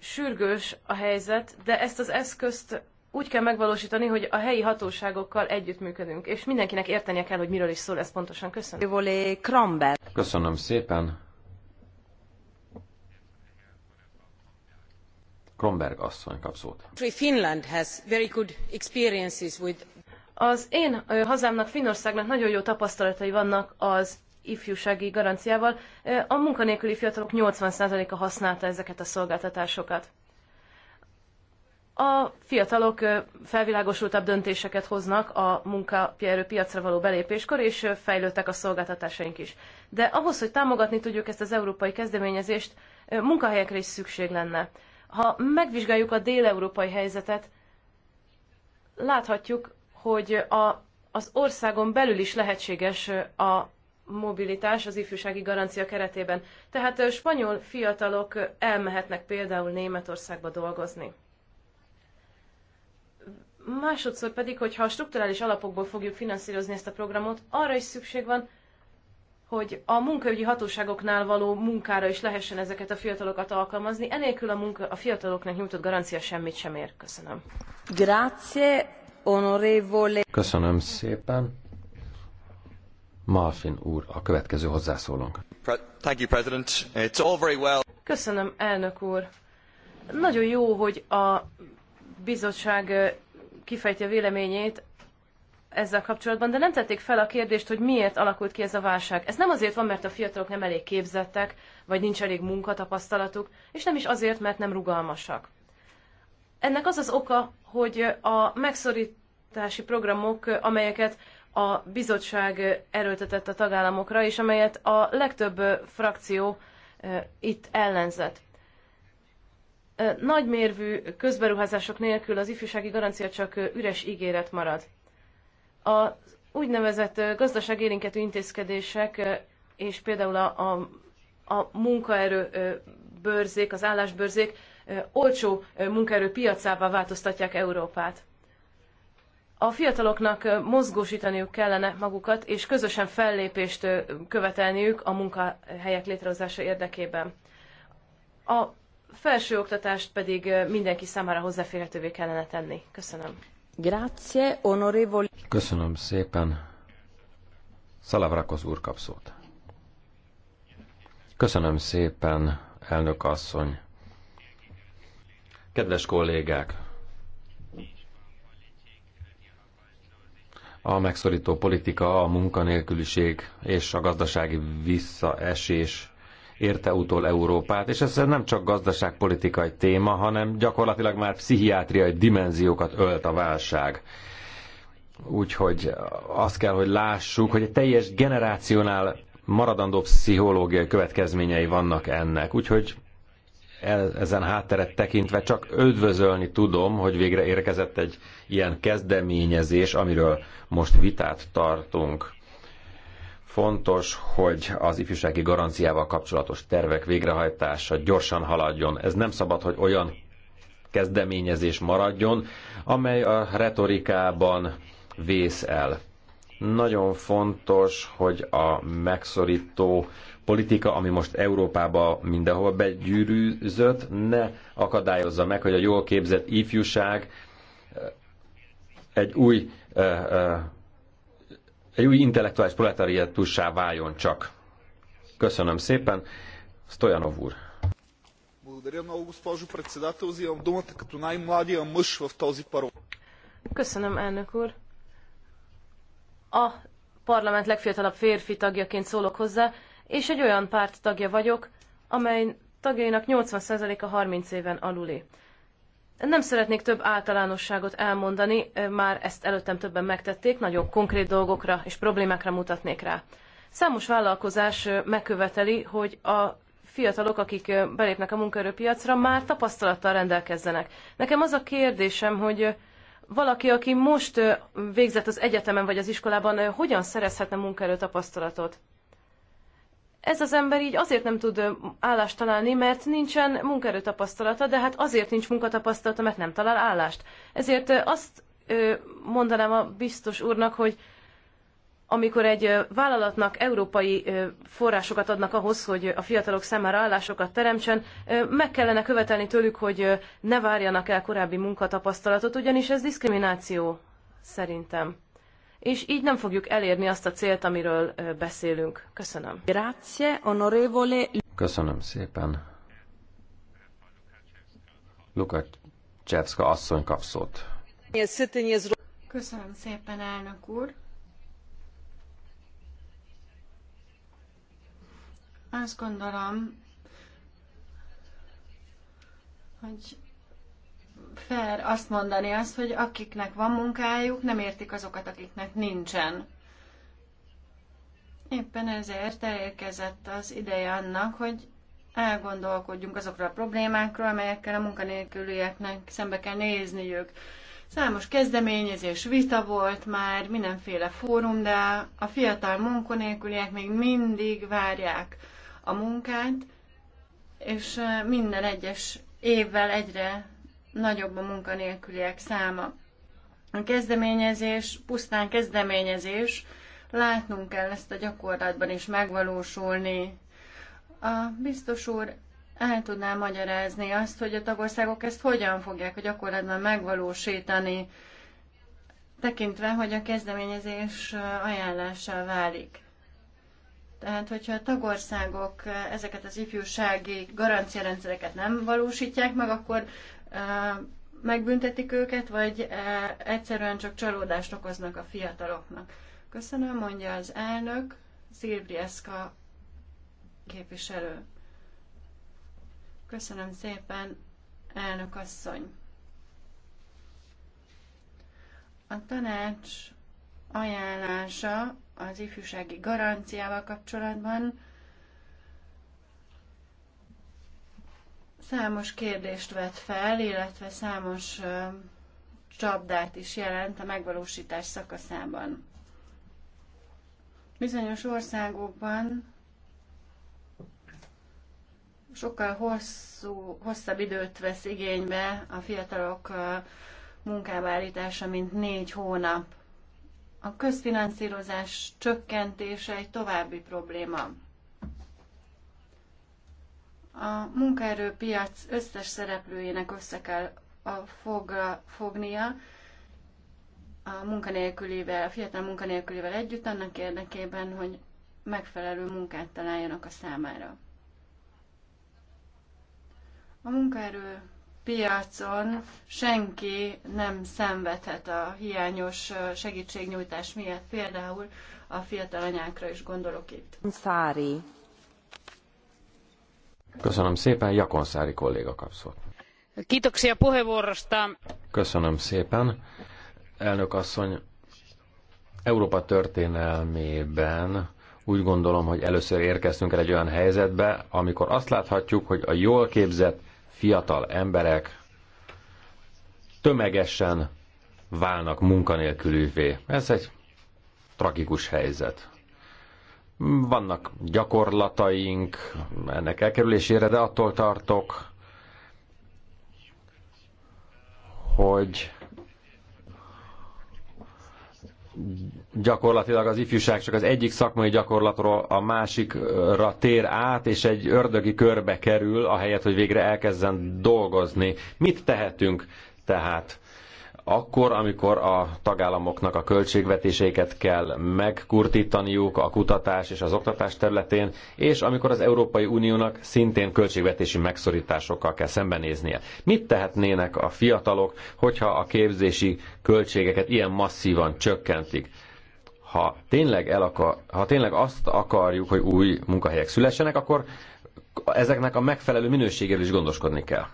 Sürgős a helyzet, de ezt az eszközt úgy kell megvalósítani, hogy a helyi hatóságokkal együttműködünk, és mindenkinek értenie kell, hogy miről is szól ez pontosan. Köszönöm. Köszönöm szépen. Kronberg asszony kap szót. Finland has very good experiences with... Az én hazámnak, Finnországnak nagyon jó tapasztalatai vannak az ifjúsági garanciával. A munkanélküli fiatalok 80%-a használta ezeket a szolgáltatásokat. A fiatalok felvilágosultabb döntéseket hoznak a piacra való belépéskor, és fejlődtek a szolgáltatásaink is. De ahhoz, hogy támogatni tudjuk ezt az európai kezdeményezést, munkahelyekre is szükség lenne. Ha megvizsgáljuk a déleurópai helyzetet, láthatjuk, hogy a, az országon belül is lehetséges a mobilitás az ifjúsági garancia keretében. Tehát a spanyol fiatalok elmehetnek például Németországba dolgozni. Másodszor pedig, hogyha a strukturális alapokból fogjuk finanszírozni ezt a programot, arra is szükség van, hogy a munkaügyi hatóságoknál való munkára is lehessen ezeket a fiatalokat alkalmazni, enélkül a, munka, a fiataloknak nyújtott garancia semmit sem ér. Köszönöm. Grazie, onorevole. Köszönöm szépen. Malfin úr, a következő hozzászólónk. Thank you, President. It's all very well. Köszönöm, elnök úr. Nagyon jó, hogy a bizottság kifejti a véleményét ezzel kapcsolatban, de nem tették fel a kérdést, hogy miért alakult ki ez a válság. Ez nem azért van, mert a fiatalok nem elég képzettek, vagy nincs elég munkatapasztalatuk, és nem is azért, mert nem rugalmasak. Ennek az az oka, hogy a megszorítási programok, amelyeket a bizottság erőltetett a tagállamokra, és amelyet a legtöbb frakció itt ellenzett. Nagymérvű közberuházások nélkül az ifjúsági garancia csak üres ígéret marad. A úgynevezett gazdaságérénkető intézkedések és például a, a, a munkaerő bőrzék, az állásbőrzék olcsó munkaerő piacává változtatják Európát. A fiataloknak mozgósítaniuk kellene magukat, és közösen fellépést követelniük a munkahelyek létrehozása érdekében. A felsőoktatást pedig mindenki számára hozzáférhetővé kellene tenni. Köszönöm. Köszönöm szépen. Szalavrakoz úr kap szót. Köszönöm szépen, elnök asszony. Kedves kollégák! A megszorító politika, a munkanélküliség és a gazdasági visszaesés érte utol Európát, és ez nem csak gazdaságpolitikai téma, hanem gyakorlatilag már pszichiátriai dimenziókat ölt a válság. Úgyhogy azt kell, hogy lássuk, hogy egy teljes generációnál maradandó pszichológiai következményei vannak ennek. Úgyhogy ezen hátteret tekintve csak ödvözölni tudom, hogy végre érkezett egy ilyen kezdeményezés, amiről most vitát tartunk. Fontos, hogy az ifjúsági garanciával kapcsolatos tervek végrehajtása gyorsan haladjon. Ez nem szabad, hogy olyan kezdeményezés maradjon, amely a retorikában vész el. Nagyon fontos, hogy a megszorító politika, ami most Európába mindenhol begyűrűzött, ne akadályozza meg, hogy a jól képzett ifjúság eh, egy új eh, eh, egy új intellektuális proletariátussá váljon csak. Köszönöm szépen. Stojanov úr. Köszönöm, elnök úr. A parlament legfiatalabb férfi tagjaként szólok hozzá, és egy olyan párt tagja vagyok, amely tagjainak 80%-a 30 éven aluli. Nem szeretnék több általánosságot elmondani, már ezt előttem többen megtették, nagyon konkrét dolgokra és problémákra mutatnék rá. Számos vállalkozás megköveteli, hogy a fiatalok, akik belépnek a munkaerőpiacra, már tapasztalattal rendelkezzenek. Nekem az a kérdésem, hogy valaki, aki most végzett az egyetemen vagy az iskolában, hogyan szerezhetne munkaerőtapasztalatot? ez az ember így azért nem tud állást találni, mert nincsen munkaerőtapasztalata, de hát azért nincs munkatapasztalata, mert nem talál állást. Ezért azt mondanám a biztos úrnak, hogy amikor egy vállalatnak európai forrásokat adnak ahhoz, hogy a fiatalok számára állásokat teremtsen, meg kellene követelni tőlük, hogy ne várjanak el korábbi munkatapasztalatot, ugyanis ez diszkrimináció szerintem és így nem fogjuk elérni azt a célt, amiről beszélünk. Köszönöm. Grazie, onorevole. Köszönöm szépen. Lukacs Csevszka asszony kap szót. Köszönöm szépen, elnök úr. Azt gondolom, hogy fair azt mondani azt, hogy akiknek van munkájuk, nem értik azokat, akiknek nincsen. Éppen ezért elérkezett az ideje annak, hogy elgondolkodjunk azokról a problémákról, amelyekkel a munkanélkülieknek szembe kell nézniük. Számos kezdeményezés, vita volt már, mindenféle fórum, de a fiatal munkanélküliek még mindig várják a munkát, és eh, minden egyes évvel egyre nagyobb a munkanélküliek száma. A kezdeményezés pusztán kezdeményezés, látnunk kell ezt a gyakorlatban is megvalósulni. A biztos úr el tudná magyarázni azt, hogy a tagországok ezt hogyan fogják a gyakorlatban megvalósítani, tekintve, hogy a kezdeményezés ajánlása válik. Tehát, hogyha a tagországok ezeket az ifjúsági garanciarendszereket nem valósítják meg, akkor megbüntetik őket, vagy egyszerűen csak csalódást okoznak a fiataloknak. Köszönöm, mondja az elnök, Szilbrieszka képviselő. Köszönöm szépen, elnök asszony. A tanács ajánlása az ifjúsági garanciával kapcsolatban számos kérdést vet fel, illetve számos csapdát is jelent a megvalósítás szakaszában. Bizonyos országokban sokkal hosszú, hosszabb időt vesz igénybe a fiatalok munkába állítása, mint négy hónap. A közfinanszírozás csökkentése egy további probléma. A munkaerőpiac összes szereplőjének össze kell a fogra, fognia a munkanélkülivel a fiatal munkanélkülivel együtt annak érdekében, hogy megfelelő munkát találjanak a számára. A munkaerő piacon senki nem szenvedhet a hiányos segítségnyújtás miatt, például a fiatal anyákra is gondolok itt. Szári. Köszönöm szépen, Jakonszári kolléga kapszott. Kitoksia puheenvuorosta. Köszönöm szépen. Elnök asszony, Európa történelmében úgy gondolom, hogy először érkeztünk el egy olyan helyzetbe, amikor azt láthatjuk, hogy a jól képzett fiatal emberek tömegesen válnak munkanélkülűvé. Ez egy tragikus helyzet. Vannak gyakorlataink ennek elkerülésére, de attól tartok, hogy gyakorlatilag az ifjúság csak az egyik szakmai gyakorlatról a másikra tér át, és egy ördögi körbe kerül, ahelyett, hogy végre elkezden dolgozni. Mit tehetünk tehát? akkor, amikor a tagállamoknak a költségvetéseiket kell megkurtítaniuk a kutatás és az oktatás területén, és amikor az Európai Uniónak szintén költségvetési megszorításokkal kell szembenéznie. Mit tehetnének a fiatalok, hogyha a képzési költségeket ilyen masszívan csökkentik? Ha tényleg, el akar, ha tényleg azt akarjuk, hogy új munkahelyek szülessenek, akkor ezeknek a megfelelő minőségéről is gondoskodni kell.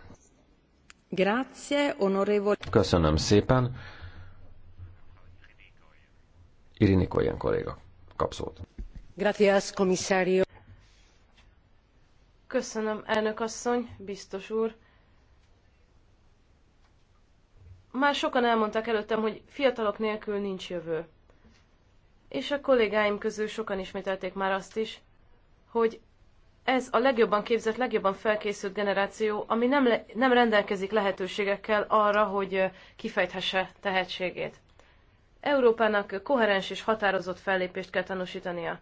Köszönöm szépen. Irini Koyen kolléga kap szót. Gracias, komisszárió. Köszönöm, elnök asszony, biztos úr. Már sokan elmondták előttem, hogy fiatalok nélkül nincs jövő. És a kollégáim közül sokan ismételték már azt is, hogy ez a legjobban képzett, legjobban felkészült generáció, ami nem, le, nem rendelkezik lehetőségekkel arra, hogy kifejthesse tehetségét. Európának koherens és határozott fellépést kell tanúsítania.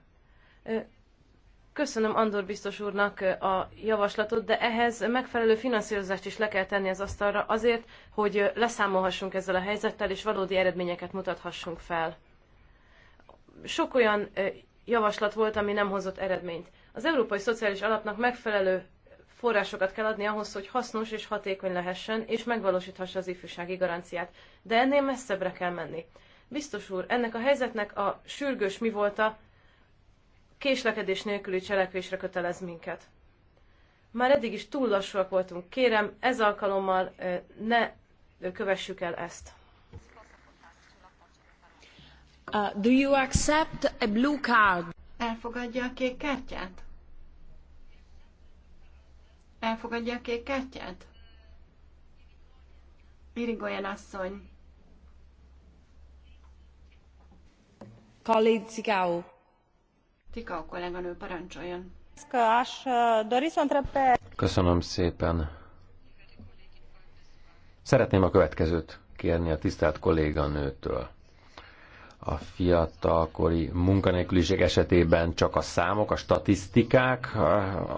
Köszönöm Andor biztos úrnak a javaslatot, de ehhez megfelelő finanszírozást is le kell tenni az asztalra azért, hogy leszámolhassunk ezzel a helyzettel, és valódi eredményeket mutathassunk fel. Sok olyan javaslat volt, ami nem hozott eredményt. Az Európai Szociális Alapnak megfelelő forrásokat kell adni ahhoz, hogy hasznos és hatékony lehessen, és megvalósíthassa az ifjúsági garanciát. De ennél messzebbre kell menni. Biztos úr, ennek a helyzetnek a sürgős mi volt a késlekedés nélküli cselekvésre kötelez minket. Már eddig is túl lassúak voltunk. Kérem, ez alkalommal ne kövessük el ezt. Uh, do you accept a blue card? Elfogadja a kék kártyát? Elfogadja a kék kártyát? Irigoyen asszony. Kali Cikau. Cikau kolléganő, parancsoljon. Uh, Köszönöm szépen. Szeretném a következőt kérni a tisztelt kolléganőtől a fiatalkori munkanélküliség esetében csak a számok, a statisztikák,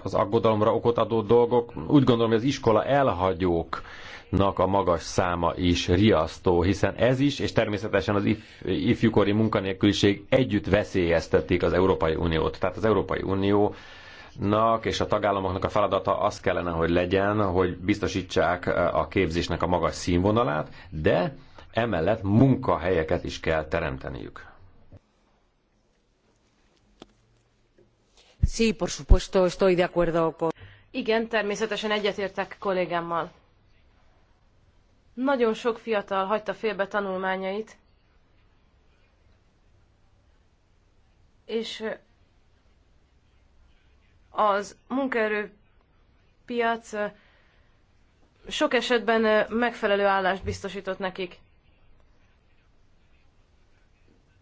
az aggodalomra okot adó dolgok. Úgy gondolom, hogy az iskola elhagyók a magas száma is riasztó, hiszen ez is, és természetesen az if, ifjúkori munkanélküliség együtt veszélyeztetik az Európai Uniót. Tehát az Európai Uniónak és a tagállamoknak a feladata az kellene, hogy legyen, hogy biztosítsák a képzésnek a magas színvonalát, de emellett munkahelyeket is kell teremteniük. Sí, por supuesto, estoy de acuerdo con... Igen, természetesen egyetértek kollégámmal. Nagyon sok fiatal hagyta félbe tanulmányait, és eh, az munkaerőpiac eh, sok esetben eh, megfelelő állást biztosított nekik.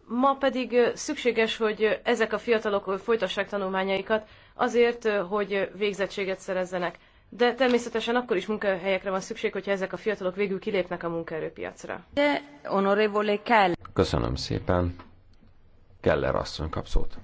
Ma pedig szükséges, hogy ezek a fiatalok folytassák tanulmányaikat azért, hogy végzettséget szerezzenek. De természetesen akkor is munkahelyekre van szükség, hogyha ezek a fiatalok végül kilépnek a munkaerőpiacra. De kell. Köszönöm szépen. Keller asszony kap szót.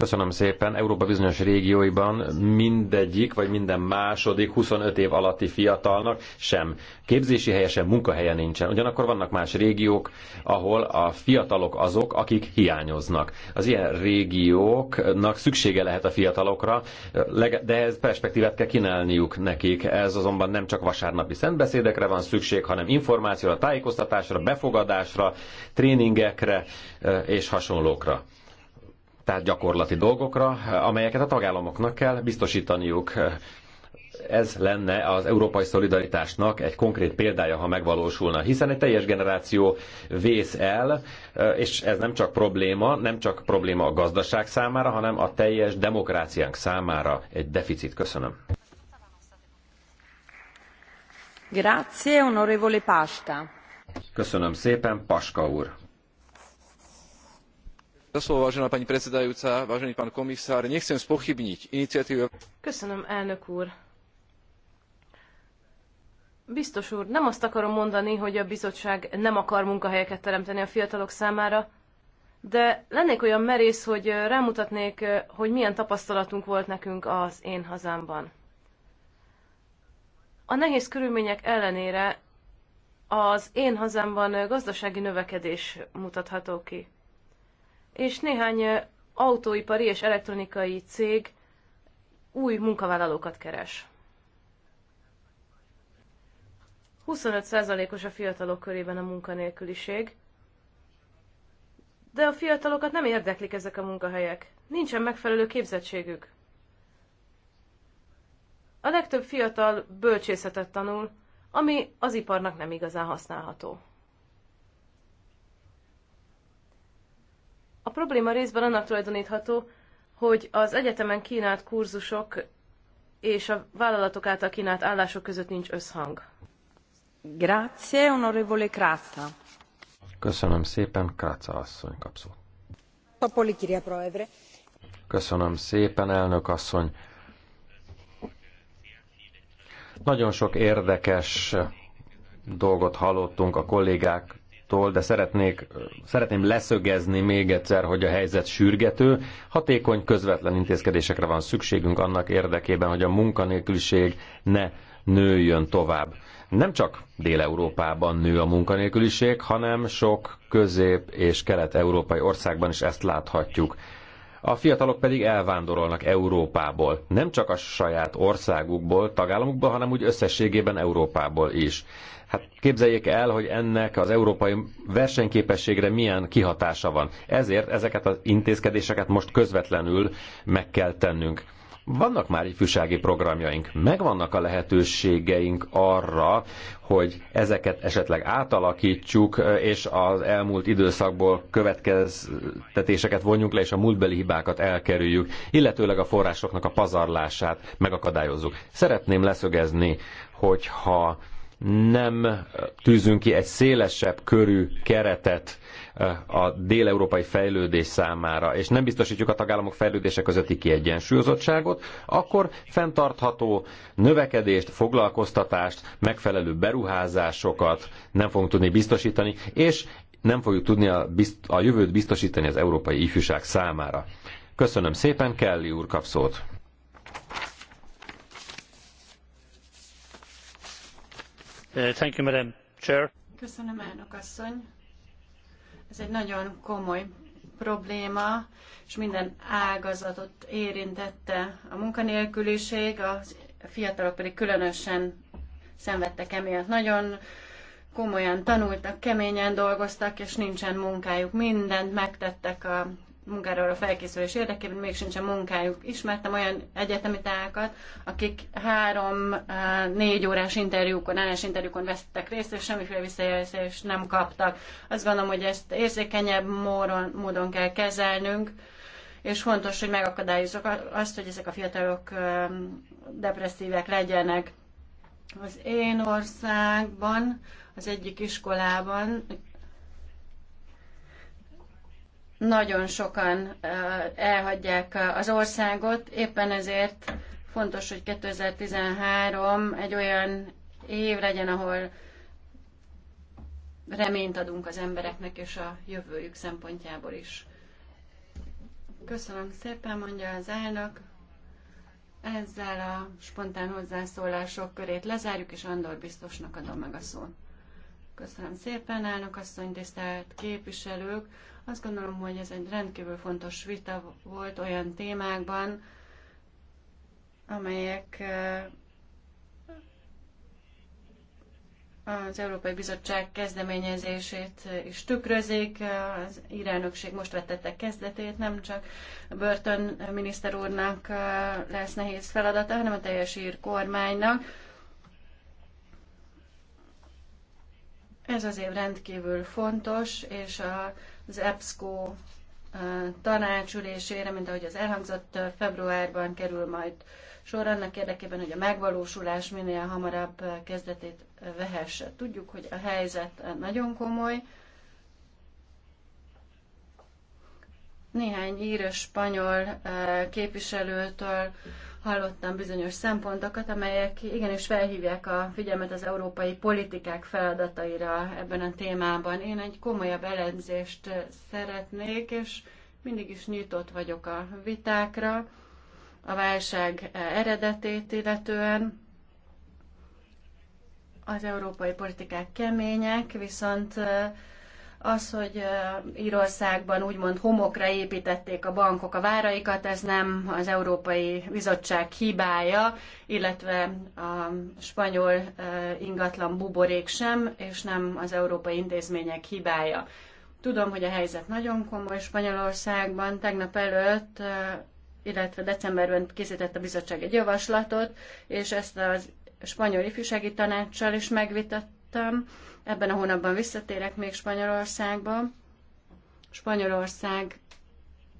Köszönöm szépen. Európa bizonyos régióiban mindegyik, vagy minden második 25 év alatti fiatalnak sem képzési helye, sem munkahelye nincsen. Ugyanakkor vannak más régiók, ahol a fiatalok azok, akik hiányoznak. Az ilyen régióknak szüksége lehet a fiatalokra, de ez perspektívát kell kínálniuk nekik. Ez azonban nem csak vasárnapi szentbeszédekre van szükség, hanem információra, tájékoztatásra, befogadásra, tréningekre eh, és hasonlókra tehát gyakorlati dolgokra, amelyeket a tagállamoknak kell biztosítaniuk. Ez lenne az európai szolidaritásnak egy konkrét példája, ha megvalósulna, hiszen egy teljes generáció vész el, és ez nem csak probléma, nem csak probléma a gazdaság számára, hanem a teljes demokráciánk számára egy deficit. Köszönöm. Grazie, onorevole Pasta. Köszönöm szépen, Paska úr nechcem spochybniť iniciatívu. köszönöm elnök úr biztos úr nem azt akarom mondani hogy a bizottság nem akar munkahelyeket teremteni a fiatalok számára de lennék olyan merész hogy rámutatnék hogy milyen tapasztalatunk volt nekünk az én hazámban. a nehéz körülmények ellenére az én hazámban gazdasági növekedés mutatható ki és néhány autóipari és elektronikai cég új munkavállalókat keres. 25%-os a fiatalok körében a munkanélküliség, de a fiatalokat nem érdeklik ezek a munkahelyek. Nincsen megfelelő képzettségük. A legtöbb fiatal bölcsészetet tanul, ami az iparnak nem igazán használható. A probléma részben annak tulajdonítható, hogy az egyetemen kínált kurzusok és a vállalatok által kínált állások között nincs összhang. Grazie, onorevole Kráca. Köszönöm szépen, Kráca asszony kapszó. Köszönöm szépen, elnök asszony. Nagyon sok érdekes dolgot hallottunk a kollégák attól, de szeretnék, szeretném leszögezni még egyszer, hogy a helyzet sürgető. Hatékony, közvetlen intézkedésekre van szükségünk annak érdekében, hogy a munkanélküliség ne nőjön tovább. Nem csak Dél-Európában nő a munkanélküliség, hanem sok közép- és kelet-európai országban is ezt láthatjuk. A fiatalok pedig elvándorolnak Európából, nem csak a saját országukból, tagállamukból, hanem úgy összességében Európából is. Hát képzeljék el, hogy ennek az európai versenyképességre milyen kihatása van. Ezért ezeket az intézkedéseket most közvetlenül meg kell tennünk. Vannak már ifjúsági programjaink, megvannak a lehetőségeink arra, hogy ezeket esetleg átalakítsuk, és az elmúlt időszakból következtetéseket vonjunk le, és a múltbeli hibákat elkerüljük, illetőleg a forrásoknak a pazarlását megakadályozzuk. Szeretném leszögezni, hogyha nem tűzünk ki egy szélesebb körű keretet eh, a déleurópai fejlődés számára, és nem biztosítjuk a tagállamok fejlődése közötti kiegyensúlyozottságot, akkor fenntartható növekedést, foglalkoztatást, megfelelő beruházásokat nem fogunk tudni biztosítani, és nem fogjuk tudni a, bizt- a jövőt biztosítani az európai ifjúság számára. Köszönöm szépen, Kelly úr kap szót. Uh, Köszönöm, Ez egy nagyon komoly probléma, és minden ágazatot érintette a munkanélküliség, a fiatalok pedig különösen szenvedtek emiatt. Nagyon komolyan tanultak, keményen dolgoztak, és nincsen munkájuk. Mindent megtettek a munkáról a felkészülés érdekében, még sincs a munkájuk. Ismertem olyan egyetemitákat, akik három-négy órás interjúkon, interjúkon vesztek részt, és semmiféle visszajelzést nem kaptak. Azt gondolom, hogy ezt érzékenyebb módon, módon kell kezelnünk, és fontos, hogy megakadályozzuk azt, hogy ezek a fiatalok depresszívek legyenek. Az én országban, az egyik iskolában nagyon sokan elhagyják az országot, éppen ezért fontos, hogy 2013 egy olyan év legyen, ahol reményt adunk az embereknek és a jövőjük szempontjából is. Köszönöm szépen, mondja az elnök. Ezzel a spontán hozzászólások körét lezárjuk, és Andor biztosnak adom meg a szót. Köszönöm szépen, elnök asszony, tisztelt képviselők! Azt gondolom, hogy ez egy rendkívül fontos vita volt olyan témákban, amelyek eh, az Európai Bizottság kezdeményezését is tükrözik. Az iránökség most vettette kezdetét, nem csak Börtön miniszter úrnak eh, lesz nehéz feladata, hanem a teljes ír kormánynak. Ez az év rendkívül fontos, és a az EBSCO tanácsülésére, mint ahogy az elhangzott februárban kerül majd sor annak érdekében, hogy a megvalósulás minél hamarabb kezdetét vehesse. Tudjuk, hogy a helyzet nagyon komoly. Néhány ír spanyol képviselőtől hallottam bizonyos szempontokat, amelyek igenis felhívják a figyelmet az európai politikák feladataira ebben a témában. Én egy komolyabb elemzést szeretnék, és mindig is nyitott vagyok a vitákra, a válság eredetét illetően. Az európai politikák kemények, viszont az, hogy Írországban úgymond homokra építették a bankok a váraikat, ez nem az Európai Bizottság hibája, illetve a spanyol ingatlan buborék sem, és nem az európai intézmények hibája. Tudom, hogy a helyzet nagyon komoly Spanyolországban. Tegnap előtt, illetve decemberben készített a bizottság egy javaslatot, és ezt az spanyol ifjúsági tanácssal is megvitatta hallottam. Ebben a hónapban visszatérek még Spanyolországba. Spanyolországban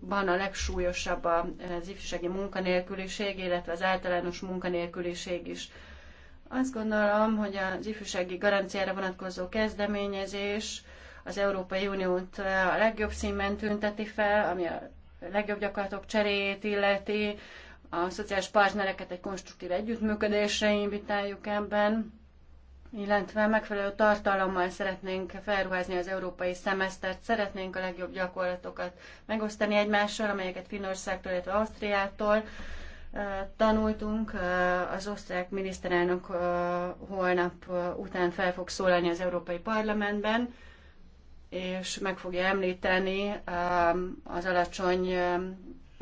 a legsúlyosabb az ifjúsági munkanélküliség, illetve az általános munkanélküliség is. Azt gondolom, hogy az ifjúsági garanciára vonatkozó kezdeményezés az Európai Uniót a legjobb színben tünteti fel, ami a legjobb gyakorlatok cseréjét illeti, a szociális partnereket egy konstruktív együttműködésre invitáljuk ebben illetve megfelelő tartalommal szeretnénk felruházni az európai szemesztert, szeretnénk a legjobb gyakorlatokat megosztani egymással, amelyeket Finországtól, illetve Ausztriától tanultunk. Az osztrák miniszterelnök holnap után fel fog szólalni az Európai Parlamentben, és meg fogja említeni az alacsony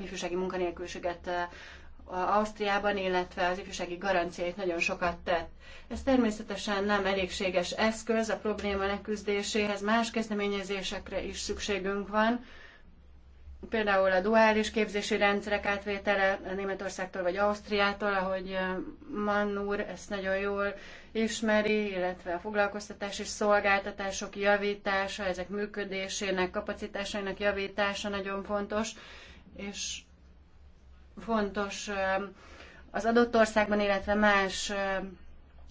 ifjúsági munkanélküliséget Ausztriában, illetve az ifjúsági garanciáit nagyon sokat tett. Ez természetesen nem elégséges eszköz a probléma leküzdéséhez, más kezdeményezésekre is szükségünk van, például a duális képzési rendszerek átvétele Németországtól vagy Ausztriától, ahogy Mann úr ezt nagyon jól ismeri, illetve a foglalkoztatási szolgáltatások javítása, ezek működésének, kapacitásainak javítása nagyon fontos, és fontos az adott országban, illetve más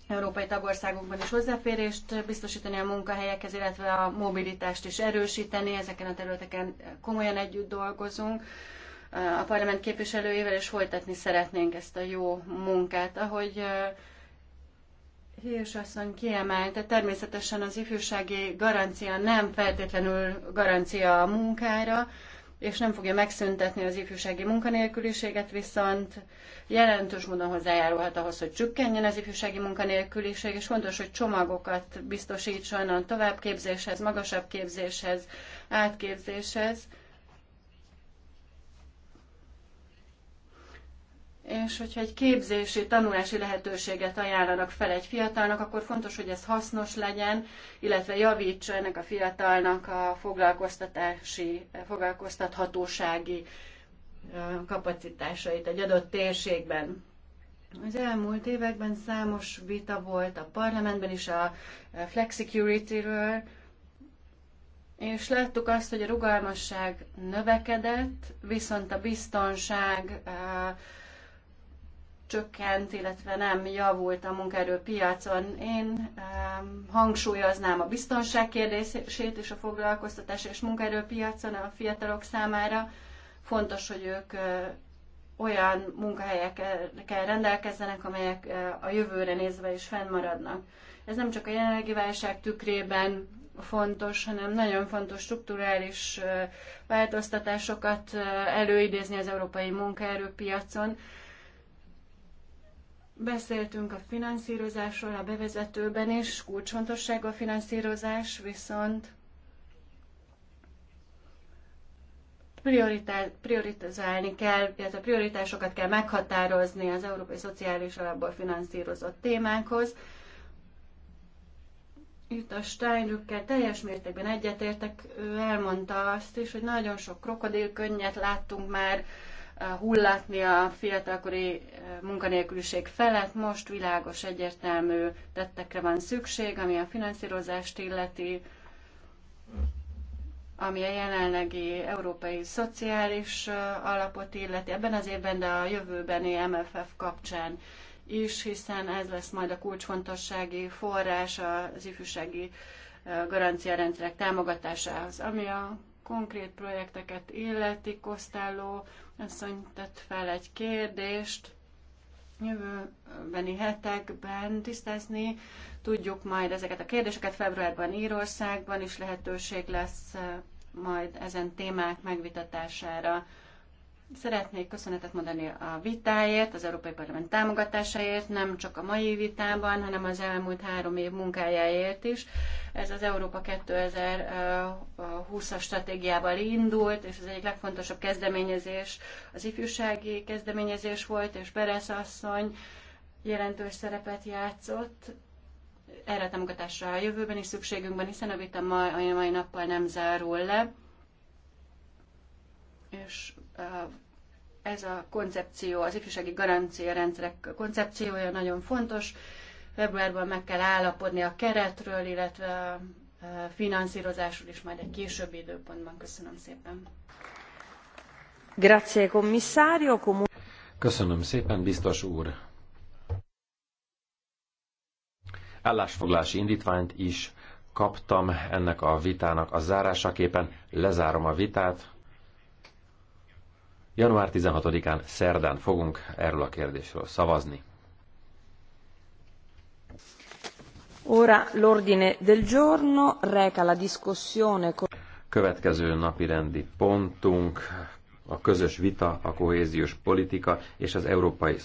európai tagországokban is hozzáférést biztosítani a munkahelyekhez, illetve a mobilitást is erősíteni. Ezeken a területeken komolyan együtt dolgozunk a parlament képviselőivel, és folytatni szeretnénk ezt a jó munkát. Ahogy Hírs asszony kiemelte, természetesen az ifjúsági garancia nem feltétlenül garancia a munkára, és nem fogja megszüntetni az ifjúsági munkanélküliséget, viszont jelentős módon hozzájárulhat ahhoz, hogy csökkenjen az ifjúsági munkanélküliség, és fontos, hogy csomagokat biztosítson a továbbképzéshez, magasabb képzéshez, átképzéshez, és hogyha egy képzési, tanulási lehetőséget ajánlanak fel egy fiatalnak, akkor fontos, hogy ez hasznos legyen, illetve javítsa ennek a fiatalnak a foglalkoztatási, foglalkoztathatósági kapacitásait egy adott térségben. Az elmúlt években számos vita volt a parlamentben is a flexicurity-ről, és láttuk azt, hogy a rugalmasság növekedett, viszont a biztonság uh, csökkent, illetve nem javult a munkaerőpiacon. Én hangsúlyoznám a biztonság kérdését és a foglalkoztatás és munkaerőpiacon a fiatalok számára. Fontos, hogy ők olyan munkahelyekkel rendelkezzenek, amelyek a jövőre nézve is fennmaradnak. Ez nem csak a jelenlegi válság tükrében fontos, hanem nagyon fontos strukturális változtatásokat előidézni az európai munkaerőpiacon, Beszéltünk a finanszírozásról a bevezetőben is, kulcsfontosság a finanszírozás, viszont prioritizálni kell, illetve prioritásokat kell meghatározni az Európai Szociális Alapból finanszírozott témákhoz. Itt a Steinrückkel teljes mértékben egyetértek, ő elmondta azt is, hogy nagyon sok krokodilkönnyet láttunk már hullatni a fiatalkori munkanélküliség felett. Most világos, egyértelmű tettekre van szükség, ami a finanszírozást illeti, ami a jelenlegi európai szociális alapot illeti ebben az évben, de a jövőbeni MFF kapcsán is, hiszen ez lesz majd a kulcsfontossági forrás az ifjúsági garanciarendszerek támogatásához, ami a konkrét projekteket illeti, Kosztáló asszony tett fel egy kérdést, jövőbeni hetekben tisztázni tudjuk majd ezeket a kérdéseket. Februárban Írországban is lehetőség lesz eh, majd ezen témák megvitatására. Szeretnék köszönetet mondani a vitáért, az Európai Parlament támogatásáért, nem csak a mai vitában, hanem az elmúlt három év munkájáért is. Ez az Európa 2020-as stratégiával indult, és az egyik legfontosabb kezdeményezés az ifjúsági kezdeményezés volt, és Beresz asszony jelentős szerepet játszott. Erre a támogatásra a jövőben is szükségünk van, hiszen a vita mai, mai nappal nem zárul le. És ez a koncepció, az ifjúsági garancia rendszerek koncepciója nagyon fontos. Februárban meg kell állapodni a keretről, illetve a finanszírozásról is majd egy későbbi időpontban. Köszönöm szépen. Grazie, commissario. Köszönöm szépen, biztos úr. Állásfoglási indítványt is kaptam ennek a vitának a zárásaképpen. Lezárom a vitát. Január 16-án szerdán fogunk erről a kérdésről szavazni. Ora l'ordine del giorno reca la discussione con... Következő napi rendi pontunk a közös vita, a kohéziós politika és az európai